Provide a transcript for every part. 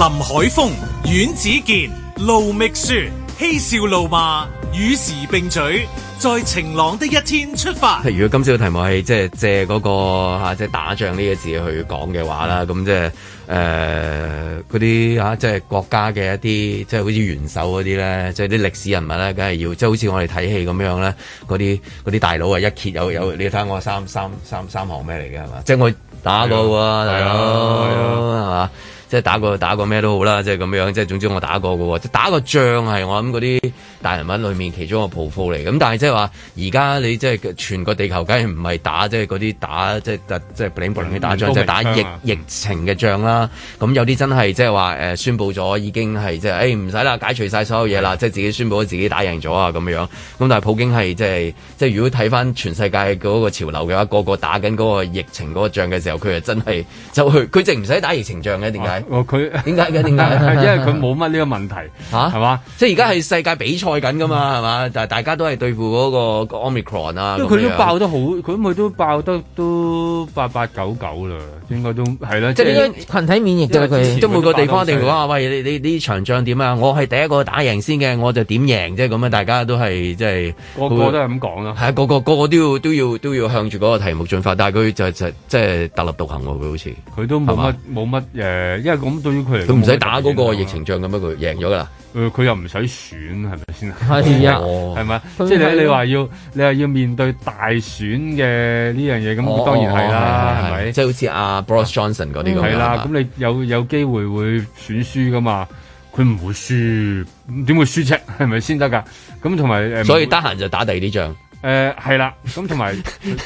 林海峰、阮子健、盧覓雪，嬉笑怒罵，與時並舉，在晴朗的一天出發。如果今朝嘅題目係、那個啊、即係借嗰個吓即係打仗呢個字去講嘅話啦，咁即係誒嗰啲吓即係國家嘅一啲即係好似元首嗰啲咧，即係啲歷史人物咧，梗係要即係好似我哋睇戲咁樣咧，嗰啲啲大佬啊，一揭有有、嗯，你睇下我三三三三行咩嚟嘅係嘛，即係我打過啊大佬係嘛。哎即、係打過打過咩都好啦，即係咁樣，即、係總之我打過嘅喎，即係打個仗係我諗嗰啲。大人物裏面其中一個抱 u 嚟咁但係即係話而家你即係全個地球梗係唔係打即係嗰啲打即係即係領兵嗰打就係、啊、打疫疫情嘅仗啦。咁、嗯嗯、有啲真係即係話誒宣佈咗已經係即係誒唔使啦，解除晒所有嘢啦，即、就、係、是、自己宣佈咗自己打贏咗啊咁樣。咁但係普京係即係即係如果睇翻全世界嗰個潮流嘅話，個個打緊嗰個疫情嗰個仗嘅時候，佢就真係就去佢淨唔使打疫情仗嘅點解？哦，佢點解點解？啊、為為 因為佢冇乜呢個問題係嘛？即係而家係世界比賽。在緊噶嘛，係嘛？但係大家都係對付嗰個 Omicron 啊、嗯，佢都爆得好，佢咪都爆得都八八九九啦，應該都係咯。即係呢個群體免疫嘅佢，都每個地方地方話，喂，你呢場仗點啊？我係第一個打贏先嘅，我就點贏啫？咁啊，大家都係即係個個都係咁講咯。係啊，個個個都要都要都要向住嗰個題目進發，但係佢就就即係、就係、特立獨行喎、啊。佢好似佢都冇乜冇乜誒，因為咁對於佢嚟講，佢唔使打嗰個疫情仗咁樣，佢贏咗啦。佢、呃、佢又唔使選係咪先？係啊、係、哦、咪？即 係、就是、你說你話要你話要面對大選嘅呢樣嘢，咁、哦、當然係啦，係、哦、咪、哦？即係好似阿、啊啊、Boris Johnson 嗰啲咁。係、嗯、啦，咁你有有機會會選輸噶嘛？佢唔會輸，點會輸啫？係咪先得㗎？咁同埋所以得閒就打第二啲仗。係、呃、啦，咁同埋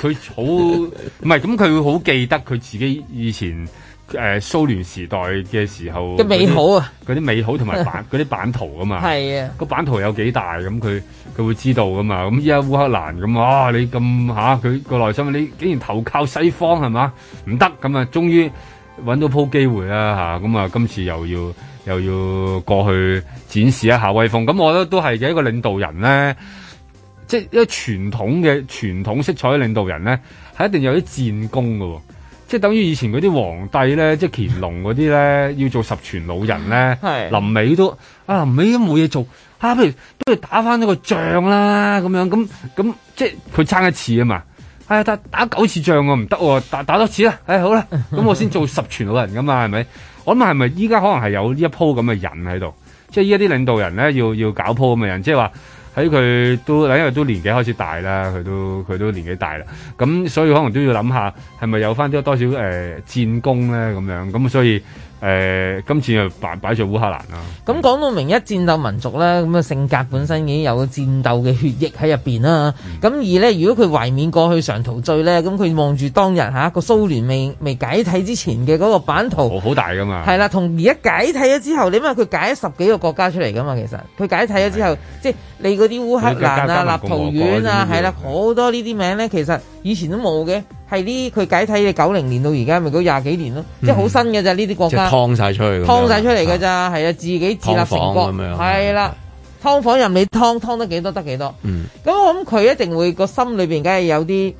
佢好唔係咁？佢會好 記得佢自己以前。誒、呃，蘇聯時代嘅時候嘅美好，美好 啊，嗰啲美好同埋版嗰啲版圖啊嘛，係啊，個版圖有幾大咁佢佢會知道㗎嘛。咁依家烏克蘭咁啊，你咁嚇佢個內心你竟然投靠西方係嘛？唔得咁啊，終於揾到鋪機會啊嚇，咁啊今次又要又要過去展示一下威風，咁我覺得都係嘅一個領導人咧，即係一個傳統嘅傳統色彩嘅領導人咧，係一定有啲戰功噶。即係等於以前嗰啲皇帝咧，即係乾隆嗰啲咧， 要做十全老人咧，臨尾都啊，臨尾都冇嘢做，啊不如不如打翻呢個仗啦，咁樣咁咁，即係佢撐一次啊嘛，係、哎、啊打打九次仗啊唔得、啊，打打多次啦、啊，哎好啦，咁我先做十全老人噶嘛，係咪？我諗係咪依家可能係有呢一鋪咁嘅人喺度，即係依家啲領導人咧要要搞鋪咁嘅人，即係話。睇佢都，因為都年紀開始大啦，佢都佢都年紀大啦，咁所以可能都要諗下，係咪有翻多多少誒、呃、戰功咧咁樣，咁所以。誒、呃，今次係擺擺在烏克蘭咁講、嗯、到明一戰鬥民族呢，咁啊性格本身已經有戰鬥嘅血液喺入邊啦。咁、嗯、而呢，如果佢懷緬過去常陶醉呢，咁佢望住當日嚇個、啊、蘇聯未未解體之前嘅嗰個版圖，好大噶嘛。係啦，同而一解體咗之後，你因佢解咗十幾個國家出嚟噶嘛，其實佢解體咗之後，即你嗰啲烏克蘭啊、家家家家和和立陶宛啊，係啦，好多呢啲名呢，其實。以前都冇嘅，係呢佢解體你九零年到而、就是嗯、家，咪嗰廿幾年咯，即係好新嘅咋。呢啲國家劏晒出去，劏晒出嚟嘅咋，係啊，自己自立成國，係啦，劏房任你劏，劏得幾多得幾多。咁、嗯、我諗佢一定會個心裏面梗係有啲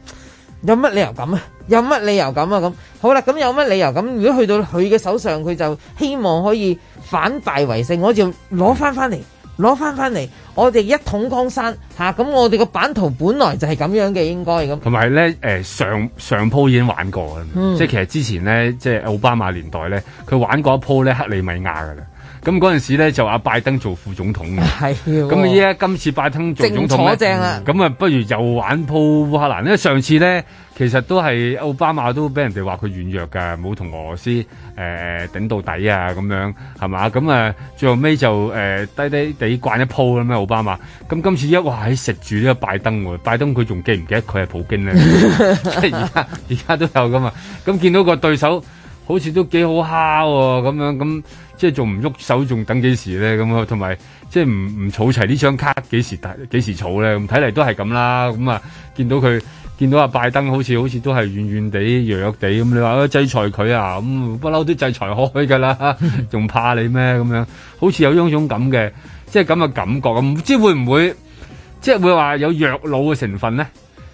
有乜理由咁啊？有乜理由咁啊？咁好啦，咁有乜理由咁？如果去到佢嘅手上，佢就希望可以反敗為勝，我就攞翻翻嚟。嗯攞翻翻嚟，我哋一桶江山吓，咁、啊、我哋個版圖本來就係咁樣嘅，應該咁。同埋咧，上上鋪已經玩過啦，嗯、即係其實之前咧，即係奧巴馬年代咧，佢玩過一鋪咧克里米亞㗎啦。咁嗰陣時咧就阿拜登做副總統嘅，咁依家今次拜登做總統咧，咁啊、嗯、不如又玩鋪烏克蘭，因為上次咧其實都係奧巴馬都俾人哋話佢軟弱㗎，冇同俄羅斯、呃、頂到底啊，咁樣係嘛，咁啊，最後尾就誒、呃、低低地慣一鋪咁咩奧巴馬，咁今次一話喺食住呢個拜登喎，拜登佢仲記唔記得佢係普京咧？即係而家而家都有㗎嘛，咁見到個對手。好似都幾好蝦喎，咁樣咁，即係仲唔喐手，仲等幾時咧？咁啊，同埋即係唔唔儲齊呢張卡，幾時大幾時儲咧？咁睇嚟都係咁啦。咁啊，見到佢見到阿拜登好，好似好似都係軟軟地弱弱地。咁你話制裁佢啊？咁不嬲都制裁開㗎啦，仲怕你咩？咁樣好似有種種咁嘅，即係咁嘅感覺。咁唔知會唔會即係會話有弱腦嘅成分咧？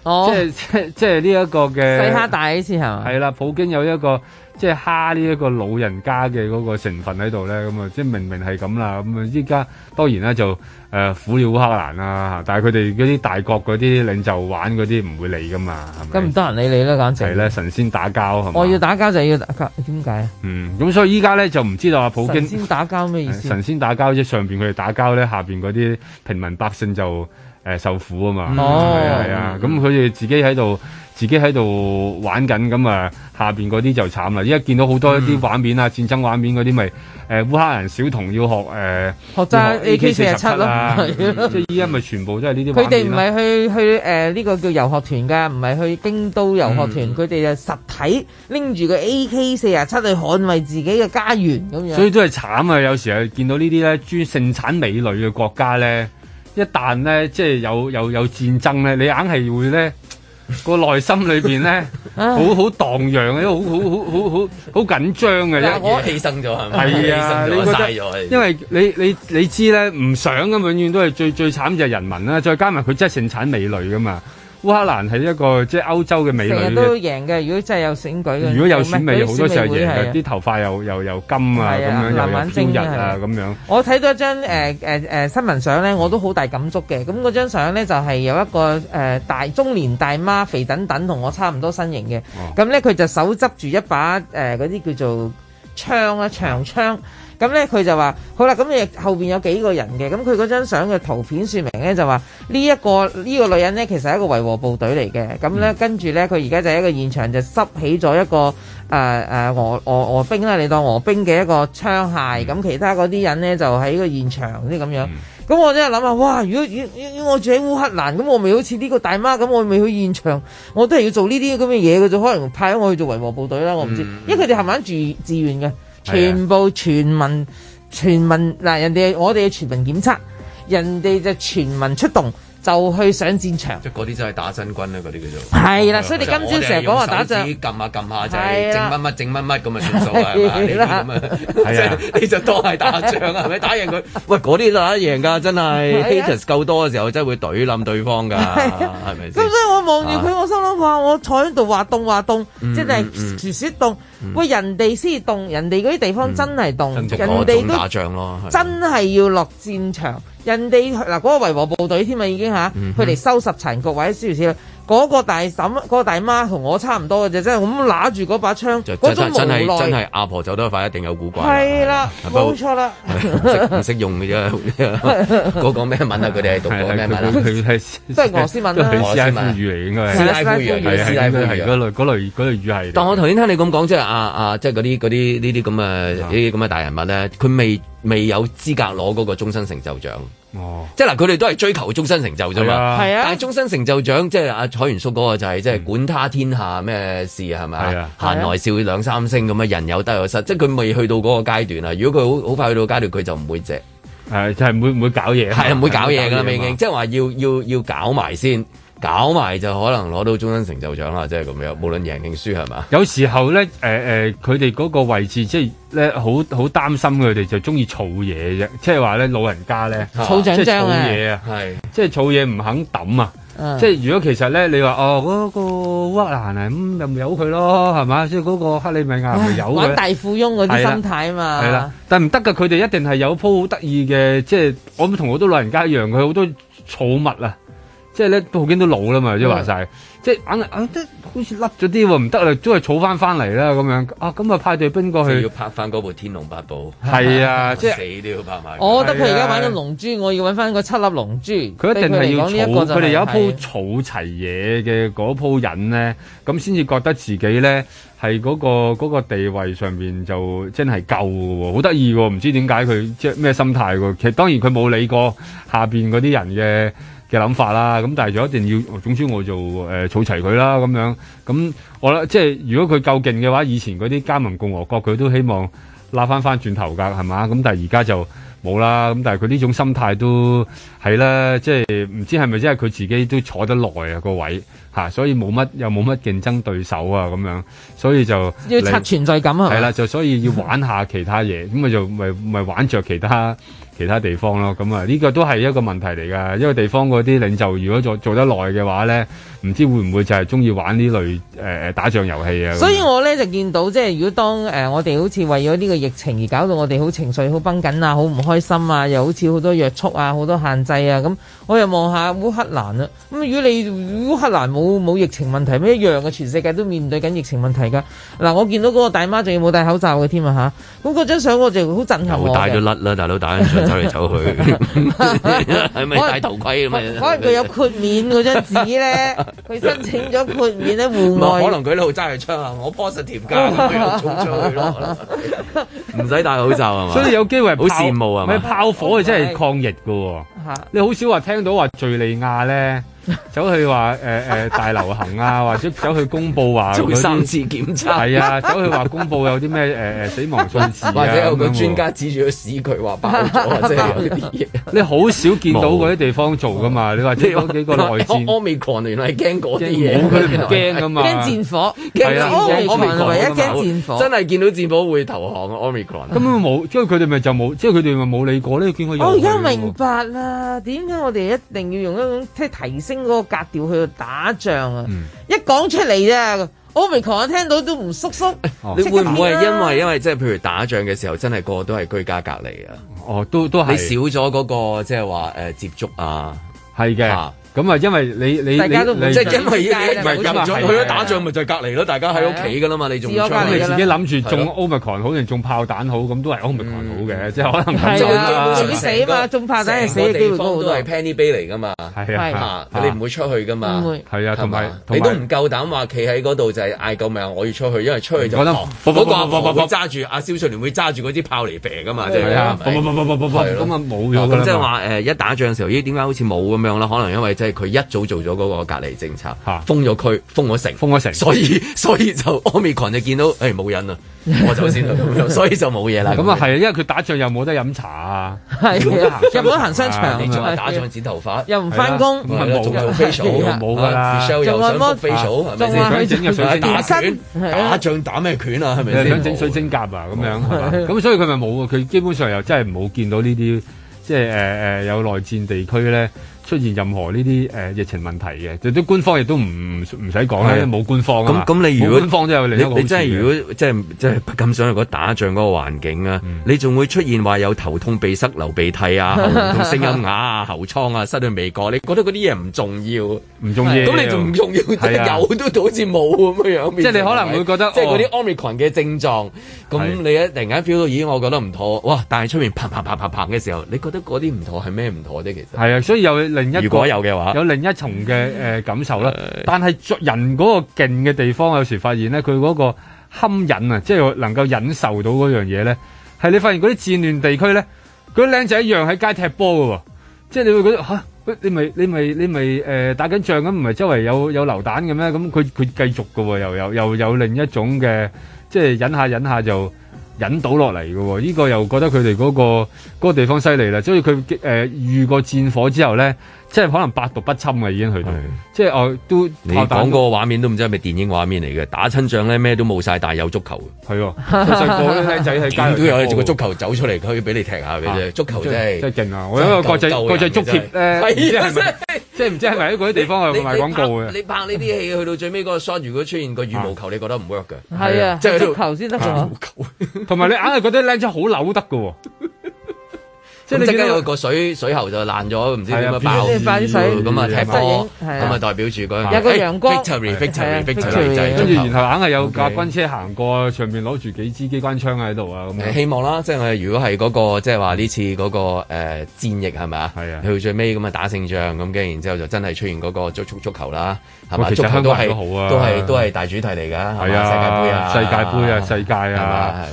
哦、即是即係即係呢一個嘅細蝦大意思行，係係啦，普京有一個即係蝦呢一個老人家嘅嗰個成分喺度咧，咁、嗯、啊即係明明係咁啦，咁啊依家當然啦，就誒、呃、苦了烏克蘭啦吓，但係佢哋嗰啲大國嗰啲領袖玩嗰啲唔會理噶嘛，咁唔得人理你啦，簡直係咧神仙打交。係嘛？我、哦、要打交就要打交，點解啊？嗯、咁、嗯、所以依家咧就唔知道阿、啊、普京神仙打交咩意思？神仙打交即係上邊佢哋打交咧，下邊嗰啲平民百姓就。誒，受苦啊嘛，係、哦、啊，啊，咁佢哋自己喺度，自己喺度玩緊，咁啊下邊嗰啲就慘啦！依家見到好多一啲畫面啊、嗯，戰爭畫面嗰啲咪，誒、呃、烏克蘭小童要學誒、呃、學揸 A K 四十七咯，即係依家咪全部都係呢啲畫面咯。佢哋唔係去去誒呢、呃呢個叫遊學團㗎，唔係去京都遊學團，佢、嗯、哋就實體拎住個 A K 四十七去捍衛自己嘅家園咁樣，所以都係慘啊！有時候見到呢啲咧專盛產美女嘅國家咧。一旦咧，即係有有有戰爭咧，你硬係會咧個內心裏邊咧， 好好蕩漾嘅，好好好好好好緊張嘅，因為犧牲咗係咪？係啊，你覺得？因為你你你知咧，唔想咁永遠都係最最慘就係人民啦，再加埋佢真係盛產美女噶嘛。烏克蘭係一個即係歐洲嘅美女，都贏嘅。如果真係有選舉嘅，如果有選美，好多時候贏嘅，啲頭髮又又又金啊，咁樣又精又飄逸啊，咁樣我睇到一張誒誒、呃呃呃、新聞相咧，我都好大感觸嘅。咁嗰張相咧就係有一個誒、呃、大中年大媽肥等等同我差唔多身形嘅，咁咧佢就手執住一把誒嗰啲叫做槍啊長槍。咁咧佢就話好啦，咁你後邊有幾個人嘅，咁佢嗰張相嘅圖片說明咧就話呢一個呢、呢個女人咧其實係一個維和部隊嚟嘅，咁咧、嗯、跟住咧佢而家就喺一個現場就執起咗一個誒誒俄俄俄兵啦，你當俄、呃、兵嘅一個槍械，咁、嗯、其他嗰啲人咧就喺個現場啲咁樣，咁、嗯、我真係諗下，哇！如果要要我住喺烏克蘭，咁我咪好似呢個大媽咁，我咪去現場，我都係要做呢啲咁嘅嘢，佢就可能派咗我去做維和部隊啦，我唔知、嗯嗯，因為佢哋係咪住志願嘅。全部全民全民嗱，人哋我哋嘅全民檢測，人哋就全民出動。就去上戰場，即係嗰啲真係打真軍啦，嗰啲叫做係啦。所以你今朝成日講話打仗，撳下撳下就係靜乜乜靜乜乜咁啊算數啊？係咪？呢啲咁啊？係啊，你就都係打仗係咪？打贏佢喂，嗰啲都打得贏㗎，真係。Haters 夠多嘅時候真係會隊冧對方㗎，係咪？咁所以我望住佢，我心諗話我坐喺度話凍話凍，即係雪雪凍。喂，人哋先凍，人哋嗰啲地方真係凍，打仗囉，人哋都真係要落戰場。人哋嗱嗰個維和部隊添啊，已經吓，佢嚟收拾殘局或者諸如嗰個大嬸、嗰、嗰個大媽同、嗰個、我差唔多嘅啫，真係咁揦住嗰把槍，嗰種真係真係阿婆走得快，一定有古怪。係啦，冇錯啦，識唔識 用嘅啫。嗰 個咩文啊？佢哋係讀過咩 文、啊 文，啊、文？佢係即係俄文斯拉夫語嚟應該。斯拉夫語係係係嗰類語係。但我頭先聽你咁講啫，啊啊，即係嗰啲嗰啲呢啲咁嘅，呢啲咁嘅大人物咧，佢未未有資格攞嗰個終身成就獎，哦，即係嗱，佢哋都係追求終身成就啫嘛，係啊，但係終身成就獎，即係阿彩元叔個就係即係管他天下咩事係咪啊，閒來笑兩三聲咁啊，人有得有失，啊、即係佢未去到嗰個階段啊，如果佢好好快去到階段，佢就唔會借，係、啊、就係、是、唔會唔會搞嘢、啊，係唔、啊、會搞嘢噶啦，未經，啊、即係話要要要搞埋先。搞埋就可能攞到終身成就獎啦，即係咁樣。無論贏定輸係嘛？有時候咧，誒、呃、誒，佢哋嗰個位置即係咧，好好擔心佢哋就中意儲嘢啫。即係話咧，老人家咧，儲獎獎啊，儲、就、嘢、是、啊，係即係儲嘢唔肯抌啊。即係、嗯、如果其實咧，你話哦嗰、那個屈蘭啊，咁又由佢咯，係嘛？即係嗰個克里米亞由佢玩大富翁嗰啲心態啊嘛。係啦，但係唔得㗎，佢哋一定係有鋪好得意嘅，即係我同好多老人家一樣，佢好多儲物啊。即係咧，好竟都老啦嘛，即係話晒，嗯、即係硬硬都好似甩咗啲喎，唔得啦，都係儲翻翻嚟啦咁樣啊！咁日派對兵過去，就要拍翻嗰部《天龍八部》係啊，即係死都要拍埋。我覺得佢而家玩緊龍珠，我要揾翻個七粒龍珠。佢、啊、一定係要儲，佢哋、這個就是、有一鋪儲齊嘢嘅嗰鋪人咧，咁先至覺得自己咧係嗰個嗰、那個、地位上面就真係夠喎，好得意喎。唔知點解佢即咩心態喎？其實當然佢冇理過下面嗰啲人嘅。嘅諗法啦，咁但係就一定要總之我就誒、呃、儲齊佢啦，咁樣咁我啦即係如果佢夠勁嘅話，以前嗰啲加盟共和國佢都希望拉翻翻轉頭㗎，係嘛？咁但係而家就冇啦，咁但係佢呢種心態都係啦，即係唔知係咪即係佢自己都坐得耐啊、嗰個位嚇、啊，所以冇乜又冇乜競爭對手啊咁樣，所以就要刷存在感啊，係啦， 就所以要玩下其他嘢，咁咪就咪咪玩着其他。其他地方咯，咁啊呢個都係一個問題嚟㗎，因為地方嗰啲領袖如果做做得耐嘅話咧。唔知會唔會就係鍾意玩呢類誒誒、呃、打仗遊戲啊！所以我咧就見到即係如果當誒、呃、我哋好似為咗呢個疫情而搞到我哋好情緒好繃緊啊，好唔開心啊，又好似好多約束啊，好多限制啊咁。我又望下烏克蘭啊，咁如果你如烏克蘭冇冇疫情問題咩一樣嘅、啊，全世界都面對緊疫情問題噶。嗱，我見到嗰個大媽仲要冇戴口罩嘅添啊吓，咁嗰張相我就好震撼我嘅。戴咗甩啦，大佬，戴住隻走嚟走去，可 咪 戴頭盔啊？可能佢有豁免嗰張紙咧。 佢 申請咗豁免戶外，可能佢好揸住槍啊，我幫實填膠，佢又衝出去咯，唔使戴口罩係，所以有機會好羨慕啊。嘛？炮火啊，真係抗疫㗎喎！你好少話聽到話敘利亞咧走去話誒誒大流行啊， 或者走去公布話做三次檢查。係 啊，走去話公布有啲咩誒誒死亡數字啊，或者有個專家指住個屎渠話爆咗即係有啲嘢。你好少見到嗰啲地方做噶嘛？哦、你話即係幾個內戰。Omicron 原來係驚啲嘢，佢唔驚噶嘛？驚戰火，驚戰火。我唯一驚戰火，真係見到戰火會投降 Omicron 根本冇，即係佢哋咪就冇，即係佢哋咪冇理過呢個。我而家明白啦。啊！點解我哋一定要用一種即係提升嗰個格調去打仗啊？嗯、一講出嚟啫，Omicron 聽到都唔縮縮。你會唔會係因為因為即係譬如打仗嘅時候，真係個個都係居家隔離啊？哦，都都係你少咗嗰個即係話誒接觸啊？係嘅。咁啊，因為你你大家都唔即係因為你唔係咁啊，去咗打仗咪就隔離咯，大家喺屋企噶啦嘛，你仲咁你自己諗住種 Omicron 好定種炮彈好，咁都係 Omicron 好嘅，嗯，即係可能就死嘛，種炮彈係死嘅地方都係 Penny's Bay 嚟噶嘛，係啊，你唔會出去噶嘛，係啊，同埋你都唔夠膽話企喺嗰度就係嗌救命，我要出去，因為出去就嗰，哦那個會揸住阿肖俊連會揸住嗰支炮嚟射噶嘛，係啊，咁啊冇咗咁即係話誒一打仗嘅時候咦點解好似冇咁樣啦？可能因為即係佢一早做咗嗰個隔離政策，封咗區，封咗城，封咗城，所以所以就 Omicron 就見到，誒、欸、冇人啦，我就先啦，所以就冇嘢啦。咁啊係啊，因為佢打仗又冇得飲茶是啊，係冇得行商場，行商唔場、啊、你仲話打仗剪頭髮、啊啊，又唔翻工，唔係冇嘅，冇嘅啦，仲按摩、肥皂、仲、啊啊啊啊啊、想整嘅、啊啊啊、水打拳是、啊，打仗打咩拳啊？係咪先？想整、啊、水晶甲啊？咁樣咁所以佢咪冇啊？佢基本上又真係冇見到呢啲，即係誒誒有內戰地區咧。出現任何呢啲誒疫情問題嘅，就啲官方亦都唔唔使講啦，冇、啊、官方咁、啊、冇官方都有另一、啊、你，你真係如果即係即係咁想去個打仗嗰個環境啊，嗯、你仲會出現話有頭痛鼻塞流鼻涕啊，同聲音啞啊喉瘡啊，失去味覺，你覺得嗰啲嘢唔重要，唔重，、啊啊、重要。咁你仲唔重要？有都好似冇咁嘅樣。即、就、係、是、你可能會覺得，啊、即係嗰啲 Omicron 嘅症狀，咁、啊、你突然間 feel 到，咦，我覺得唔妥、啊，哇！但係出面啪啪啪啪啪嘅時候，你覺得嗰啲唔妥係咩唔妥啫？其實係啊，所以有。如果有嘅話，有另一重嘅誒感受啦。但係作人嗰個勁嘅地方，有時發現咧，佢嗰個堪忍啊，即係能夠忍受到嗰樣嘢咧，係你發現嗰啲戰亂地區咧，嗰啲靚仔一樣喺街踢波㗎喎，即係你會覺得嚇，喂，你咪你咪你咪誒打緊仗咁，唔係周圍有有流彈嘅咩？咁佢佢繼續㗎喎，又又又有另一種嘅，即係忍下忍下就。引到落嚟嘅喎，呢、呢個又覺得佢哋嗰個嗰、嗰個地方犀利啦，所以佢誒、呃、遇過戰火之後咧。即係可能百毒不侵嘅已經去到，即係我都你講嗰個畫面都唔知係咪電影畫面嚟嘅，打親仗咧咩都冇晒，但係有足球嘅。 係喎，就個靚仔喺街都有做個足球走出嚟，佢可以俾你踢下嘅啫。啊、足球真係真勁啊！我有個國際國際足協咧，即係唔知係咪喺嗰啲地方係賣廣告嘅。你拍呢啲戲去到最尾嗰個 shot，如果出現個羽毛球，你覺得唔 work 嘅？係啊，即係足球先得，羽毛球。同埋你硬係覺得靚仔好扭得嘅喎。即係即係，有個水水喉就爛咗，唔知點樣爆。咁啊踢波，咁啊代表住嗰有個、哎、陽光。跟住、就係、然後硬係有架軍車行過，上面攞住幾支機關槍喺度啊！咁希望啦，即係如果係嗰、嗰個即係話呢次嗰、嗰個、呃、戰役係咪啊？係啊，去最尾咁啊打勝仗，咁跟然之後就真係出現嗰個足足足球啦。係嘛，足球都好啊都，都係都係大主題嚟噶，係嘛，世界盃啊，世界盃啊，啊，世界啊，係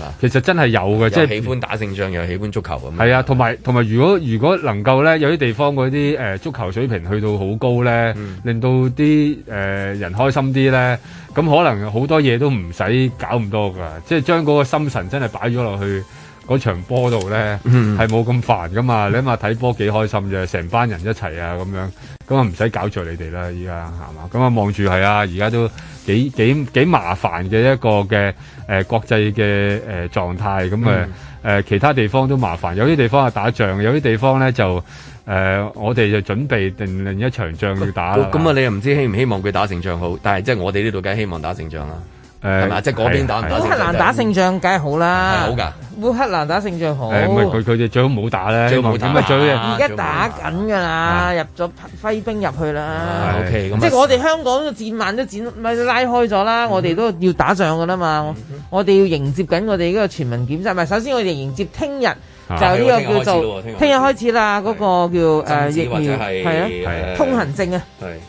嘛，其實真係有嘅，即係、就是、喜歡打勝仗又喜歡足球咁。係啊，同埋同埋，如果如果能夠咧，有啲地方嗰啲誒足球水平去到好高咧，嗯、令到啲誒、呃、人開心啲咧，咁可能好多嘢都唔使搞咁多噶，即係將嗰個心神真係擺咗落去。嗰場波度咧係冇咁煩噶嘛，你諗下睇波幾開心啫，成班人一齊啊咁樣，咁啊唔使搞錯你哋啦，依家係嘛？咁啊望住係啊，而家都幾幾幾麻煩嘅一個嘅誒、呃、國際嘅誒、呃、狀態，咁誒、呃呃、其他地方都麻煩，有啲地方係打仗，有啲地方咧就誒、呃、我哋就準備定另一場仗要打。咁啊你又唔知希唔希望佢打成仗好？但係即係我哋呢度梗係希望打成仗啦。誒、呃，係嘛？即係嗰邊打，打？烏克蘭打勝仗梗係好啦，好噶。烏克蘭打勝仗好。佢佢哋最好唔好打咧，最好冇打。而家打緊㗎啦，啦，入咗揮兵入去啦。O K，咁即係我哋香港嘅戰慢都戰，咪拉開咗啦。嗯、我哋都要打仗㗎啦嘛。嗯、我哋要迎接緊我哋呢個全民檢測。唔係，首先我哋迎接聽日。就呢個叫做聽日開始啦，嗰、嗰個叫、uh，疫苗通行證啊，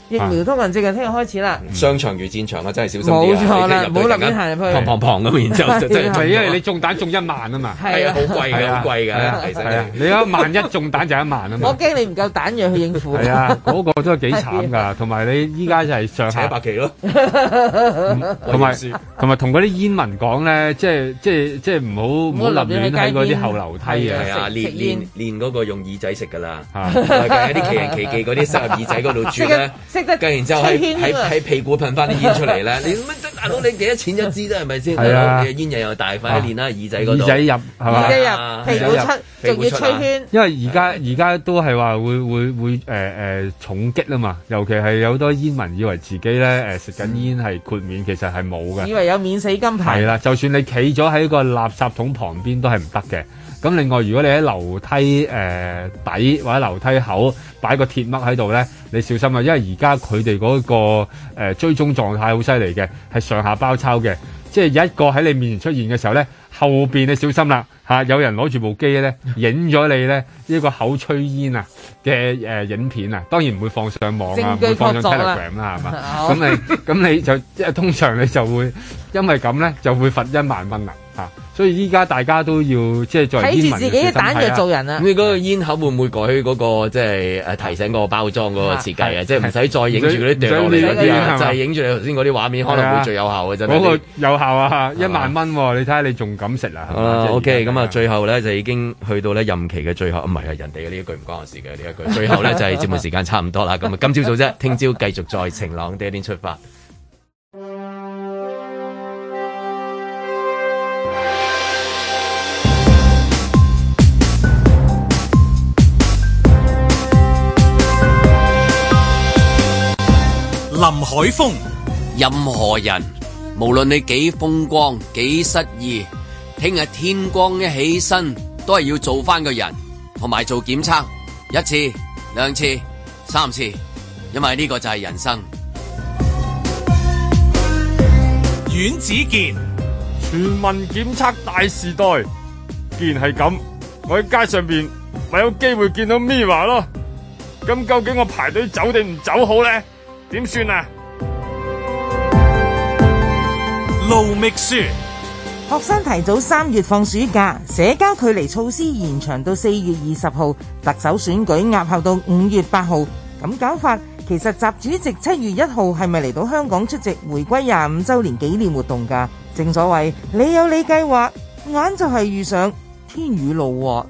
疫苗通行證啊，聽日開始啦、嗯。商場如戰場啊，真係小心冇錯啦，冇立亂行入去，碰碰碰咁，然之後就真係因為你中彈中一萬啊嘛，係啊，好貴嘅，好貴㗎，係啊，你萬一中彈就一萬啊嘛。我驚你唔夠彈藥去應付。係啊，嗰、嗰個都係幾慘㗎，同埋你依家就係上下白旗咯，同埋同埋同嗰啲煙民講咧，即係即係即係唔好唔好立亂喺嗰啲後樓梯。係啊，練練練嗰個用耳仔食噶啦，係、啊、啲、就是、奇人奇技嗰啲塞入耳仔嗰度煮咧，跟 然之後喺喺 屁股噴翻啲煙出嚟咧。 你乜啫？大佬你幾多錢一支啫？係咪先？係啊，煙煙又大快，快練啦！耳仔嗰度。耳仔入係嘛？耳仔入，屁股出，仲要吹圈。因為而家而家都係話會會會誒誒重擊啊嘛，尤其係有好多煙民以為自己咧誒食緊煙係豁免，其實係冇嘅。以為有免死金牌。係啦、啊，就算你企咗喺個垃圾桶旁邊都係唔得嘅。咁另外，如果你喺樓梯誒、呃、底或者樓梯口擺個鐵乜喺度咧，你小心啊！因為而家佢哋嗰個、呃、追蹤狀態好犀利嘅，係上下包抄嘅，即係一個喺你面前出現嘅時候咧，後面你小心啦、吓、有人攞住部機咧，影咗你咧呢、這個口吹煙啊嘅影片啊，當然唔會放上網啊，唔會放上 Telegram 啦，係嘛？咁 你咁你就即係通常你就會因為咁咧，就會罰一萬蚊啦。所以依家大家都要即係睇住自己嘅蛋嚟做人啊。咁你嗰個煙盒會唔會改嗰個即係誒提醒嗰個包裝嗰個設計啊？即係唔使再影住嗰啲就係影住你頭先嗰啲畫面，可能會最有效嘅真。嗰個有效啊！一萬蚊喎、哦，你睇下你仲敢食啊？OK，咁啊，okay，最後咧就已經去到咧任期嘅最後。唔係啊，人哋嘅呢一句唔關我事嘅呢一句。最後咧 就係節目時間差唔多啦。咁啊，今朝早啫，聽朝繼續在晴朗的一天出發。林海峰，任何人，無論你幾風光，幾失意，聽日天光一起身，都係要做翻個人，同埋做檢測，一次、兩次、三次，因為呢個就係人生。阮子健，全民檢測大時代，既然係咁，我喺街上邊，咪有機會見到 Mirror 咯。咁究竟我排隊走定唔走好咧？點算啊？路未書學生提早三月放暑假，社交距離措施延長到四月二十號，特首選舉押後到五月八號。咁搞法，其實，習主席七月一號係咪嚟到香港出席回歸廿五周年紀念活動？噶正所謂你有你計劃，眼就係遇上天雨路滑，啊，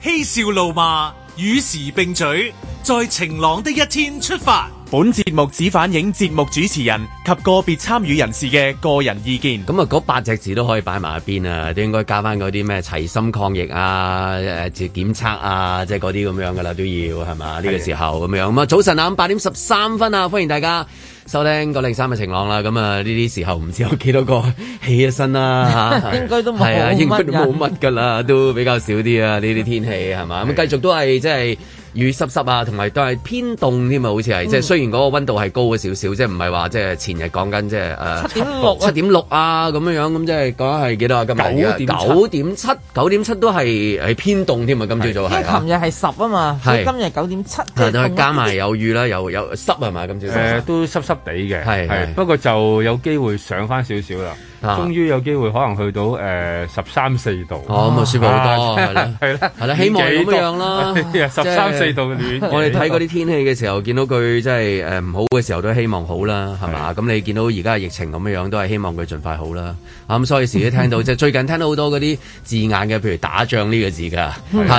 嬉笑怒罵與時並舉，在晴朗的一天出發。本節目只反映節目主持人及個別參與人士嘅個人意見。咁啊，嗰八隻字都可以擺埋一邊啊，都應該加翻嗰啲咩齊心抗疫啊、誒檢測啊，即係嗰啲咁樣噶啦，都要係嘛？呢、這個時候咁樣咁啊，早晨啊，八點十三分啊，歡迎大家收聽九零三嘅晴朗啦。咁啊，呢啲時候唔知有幾多個起咗身啦，應該都冇係啊，應該都冇乜噶啦，都比較少啲啊，呢啲天氣係嘛？咁繼續都係即係。雨濕濕，嗯呃、7. 6, 7. 6啊，同埋都係偏凍添嘛，好似係，即係雖然嗰個温度係高咗少少，即係唔係話，即係前日講緊，即係誒七點六七點六啊，咁樣咁，即係講係幾多啊？今日九點九點七九點七都係係偏凍添嘛，今朝早係，因為琴日係十啊嘛，所以今日九點七，即係加埋有雨啦，有，有濕係嘛？今朝誒都濕濕地嘅，係不過就有機會上翻少少啦。終、啊、於有機會可能去到誒、呃啊啊、十三四度，哦、就是，咪舒服好多，係啦，係啦，啦，希望咁樣啦。十三四度嘅暖，我哋睇嗰啲天氣嘅時候，見到佢真係誒唔好嘅時候，都希望好啦，係嘛？咁你見到而家疫情咁樣都係希望佢盡快好啦。咁所以時都聽到即係、就是、最近聽到好多嗰啲字眼嘅，譬如打仗呢個字㗎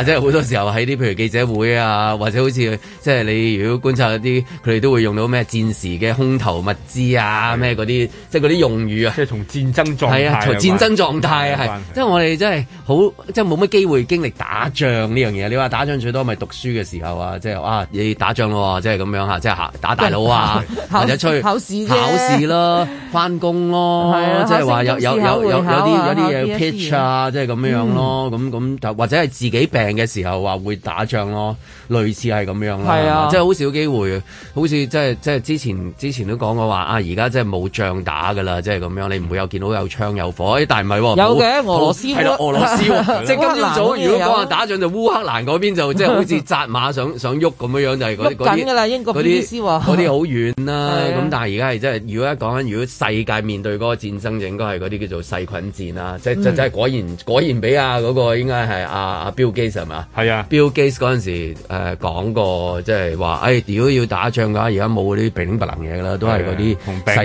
即係好多時候喺啲譬如記者會啊，或者好似即係你如果觀察一啲，佢哋都會用到咩戰時嘅空投物資啊，咩嗰啲即嗰啲用語啊，即、就、係、是、從戰。係啊，從戰爭狀態是啊，即、啊啊、係、就是、我哋真係好，即係冇乜機會經歷打仗呢樣嘢。你話打仗最多咪讀書嘅時候、就是、啊，即係、就是就是、啊，要打仗咯，即係咁樣嚇，即係打大佬啊，或者出去考試啫，考試咯，翻工咯，即係話有有有有有啲有啲嘢 pitch 啊，即係咁樣樣咯，咁、嗯、咁或者係自己病嘅時候話會打仗咯、就是嗯，類似係咁樣咯，即係好少機會，好似即係即係之前之前都講過話啊，而家即係冇仗打噶啦，即係咁樣，你唔會有見又唱又火，但唔係喎。有嘅，俄羅斯係咯，俄羅斯喎。即係今朝早如果講打仗，就烏克蘭嗰邊就即 好似扎馬想想喐咁樣就係嗰啲。英國好意嗰啲好遠啦、啊，咁、啊、但係而家係真係，如果講緊如果世界面對嗰個戰爭，就應該係嗰啲叫做細菌戰啦、啊。即即係果然果然俾啊嗰、嗰個應該係阿、啊、Bill Gates 係咪啊？啊，Bill Gates 嗰陣時講、呃、講過，即係話誒，如果要打仗嘅話，而家冇嗰啲鼻靈嘢啦，都係嗰啲細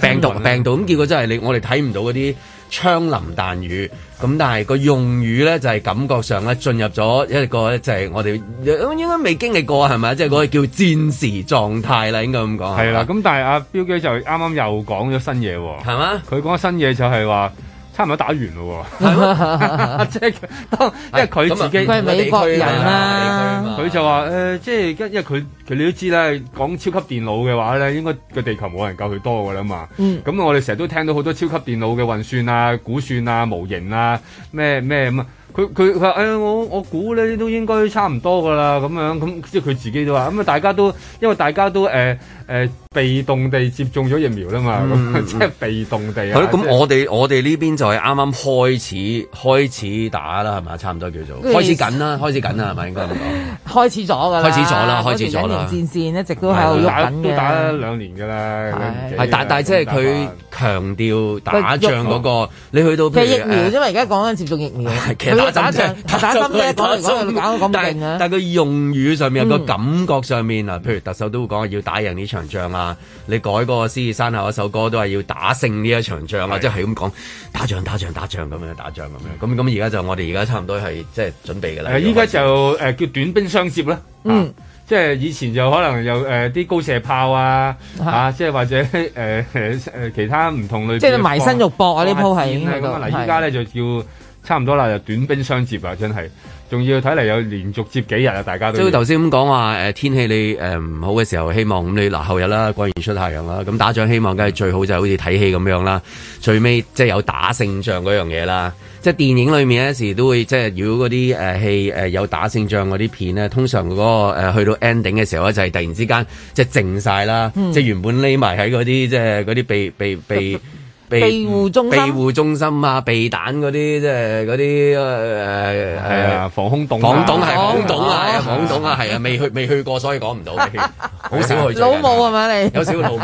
菌、病毒、啊、病毒咁、啊。結果真係你我哋睇。唔到嗰啲槍林彈雨，咁但係個用語咧就係、是、感覺上咧進入咗一個咧就係我哋應該未經歷過係咪？即係嗰個叫戰時狀態啦，應該咁講係啦。咁、啊、但係阿、啊、標哥就啱啱又講咗新嘢，係嘛？佢講新嘢就係話。差唔多打完咯喎，即 係 因為佢自己，佢 係美國人啦、啊，佢就話即係因為佢佢你都知啦，講超級電腦嘅話咧，應該個地球冇人夠佢多㗎啦嘛。咁、嗯、我哋成日都聽到好多超級電腦嘅運算啊、估算啊、模型啊、咩咩咁啊。佢佢佢話誒，我我估呢都應該差唔多噶啦咁樣，咁即係佢自己都話，咁啊大家都因為大家都誒。呃誒，被動地接種咗疫苗啦嘛，即係被動地、嗯。 好，咁、就是、我哋我哋呢邊就係啱啱開始開始打啦，係咪？差唔多叫做開始緊啦，開始緊啦，係嘛？應該咁講 開始咗㗎啦。開始咗啦，開始咗啦。兩年戰線一直都喺度打緊嘅。都打兩年㗎啦。但但即係佢強調打仗嗰、嗰個，哦、你去到嘅疫苗，啫嘛？而家講緊接種疫苗。其實打仗，打針咧講到咁勁呀。但係佢用語上面個感覺上面嗱，譬如特首都會講要打贏呢場。仗啊！你改嗰、嗰個《獅子山下》嗰首歌都係要打勝呢一場仗啊！即係咁講，打仗打仗打仗咁樣打仗咁樣。咁咁而家就我哋而家差唔多係即係準備噶啦。依家就誒叫短兵相接啦。嗯，即係以前就可能有誒啲、呃、高射炮啊，吓、啊，即係或者誒誒、呃、其他唔同類的的。呃、同類即係埋身肉搏啊！啊呢鋪係喺度。嗱，依家咧就叫差唔多啦，就短兵相接啊！真係。仲要睇嚟有連續接幾日啊！大家都即係頭先咁講話天氣你唔、呃、好嘅時候，希望咁你嗱、啊、後日啦，果然出太陽啦。咁打仗希望梗係最好就係好似睇戲咁樣啦。最尾即係有打勝仗嗰樣嘢啦。即係電影裏面有時都會即係如果嗰啲誒戲、呃、有打勝仗嗰啲片咧，通常嗰個、呃、去到 ending 嘅時候咧，就係、是、突然之間即係、就是、靜晒啦、嗯，即係原本匿埋喺嗰啲即係嗰啲被被被。被被 庇護中心、庇護中心啊，避彈嗰啲即係嗰啲誒誒防空洞、防空洞係防空洞啊，防空洞啊係啊，啊，啊，啊，啊，啊，啊，啊，啊，未去未去過，所以講唔到，好 少去、啊。老母啊嘛，你？有少老母。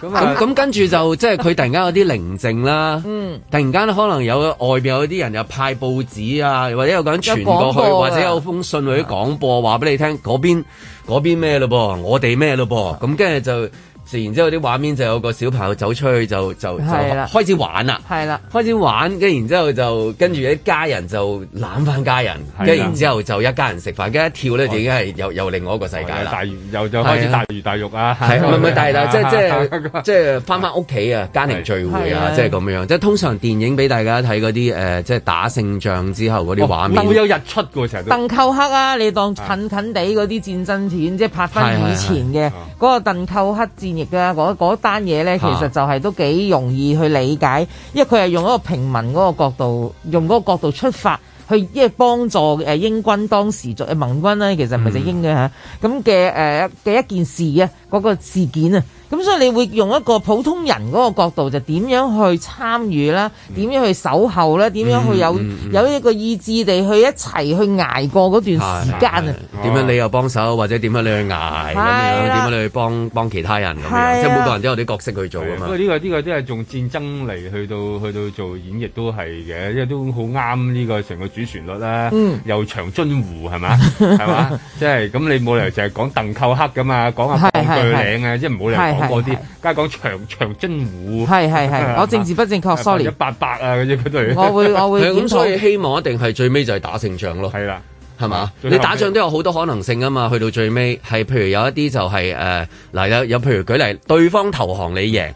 咁咁跟住就即係佢突然間有啲寧靜啦。嗯。突然間可能有外邊有啲人又派報紙啊，或者有個人傳過去，或者有封信或者廣播話俾你聽，嗰邊嗰邊咩咯噃，我哋咩咯噃，咁跟住就。然之後啲畫面就有個小朋友走出去就就，就開始玩啦，係啦，開始玩，跟然之後就跟住一家人就攬翻家人，跟然之後就一家人食飯，跟一跳咧已經係、哦、又又另外一個世界啦，大魚又就開始大魚大肉啊，係唔係？唔係，但係即即即翻返屋企啊，即係即係、 家庭聚會啊，即係咁樣。即係通常電影俾大家睇嗰啲誒，即、呃、係、即係、打勝仗之後嗰啲畫面，但會有日出嘅成。鄧寇克啊，你當近近地嗰啲戰爭片，即係拍翻以前嘅嗰個鄧寇克戰。嗰嗰單嘢呢，其實就係都幾容易去理解，因為佢係用一個平民嗰個角度，用嗰個角度出發去，即係幫助誒英軍當時作盟軍呢，其實唔係就英嘅嚇，咁嘅誒嘅一件事啊，嗰個事件啊。咁所以你會用一個普通人嗰個角度，就點樣去參與啦？點、嗯、樣去守候咧？點、嗯、樣去有、嗯、有一個意志地去一齊去捱過嗰段時間啊？點樣你又幫手，或者點樣你去捱，咁樣點樣你去幫幫其他人，咁即係每個人都有啲角色去做啊嘛。不過呢個呢、這個都係用戰爭嚟去到去到做演繹都係嘅，因、這、為、個、都好啱呢個成個主旋律啦。又、嗯、長津湖係嘛係嘛？即係咁你冇理由就係講鄧寇克噶嘛，講下鋼鋸嶺啊，即係冇理由。嗰啲，加講長長津湖，係係係，我政治不正確，sorry，一八八啊，嗰佢都我會我會咁 所以希望一定係最尾就係打勝仗咯，係啦，係嘛？你打仗都有好多可能性啊嘛，去到最尾係譬如有一啲就係誒嗱有有譬如舉例，對方投降你贏。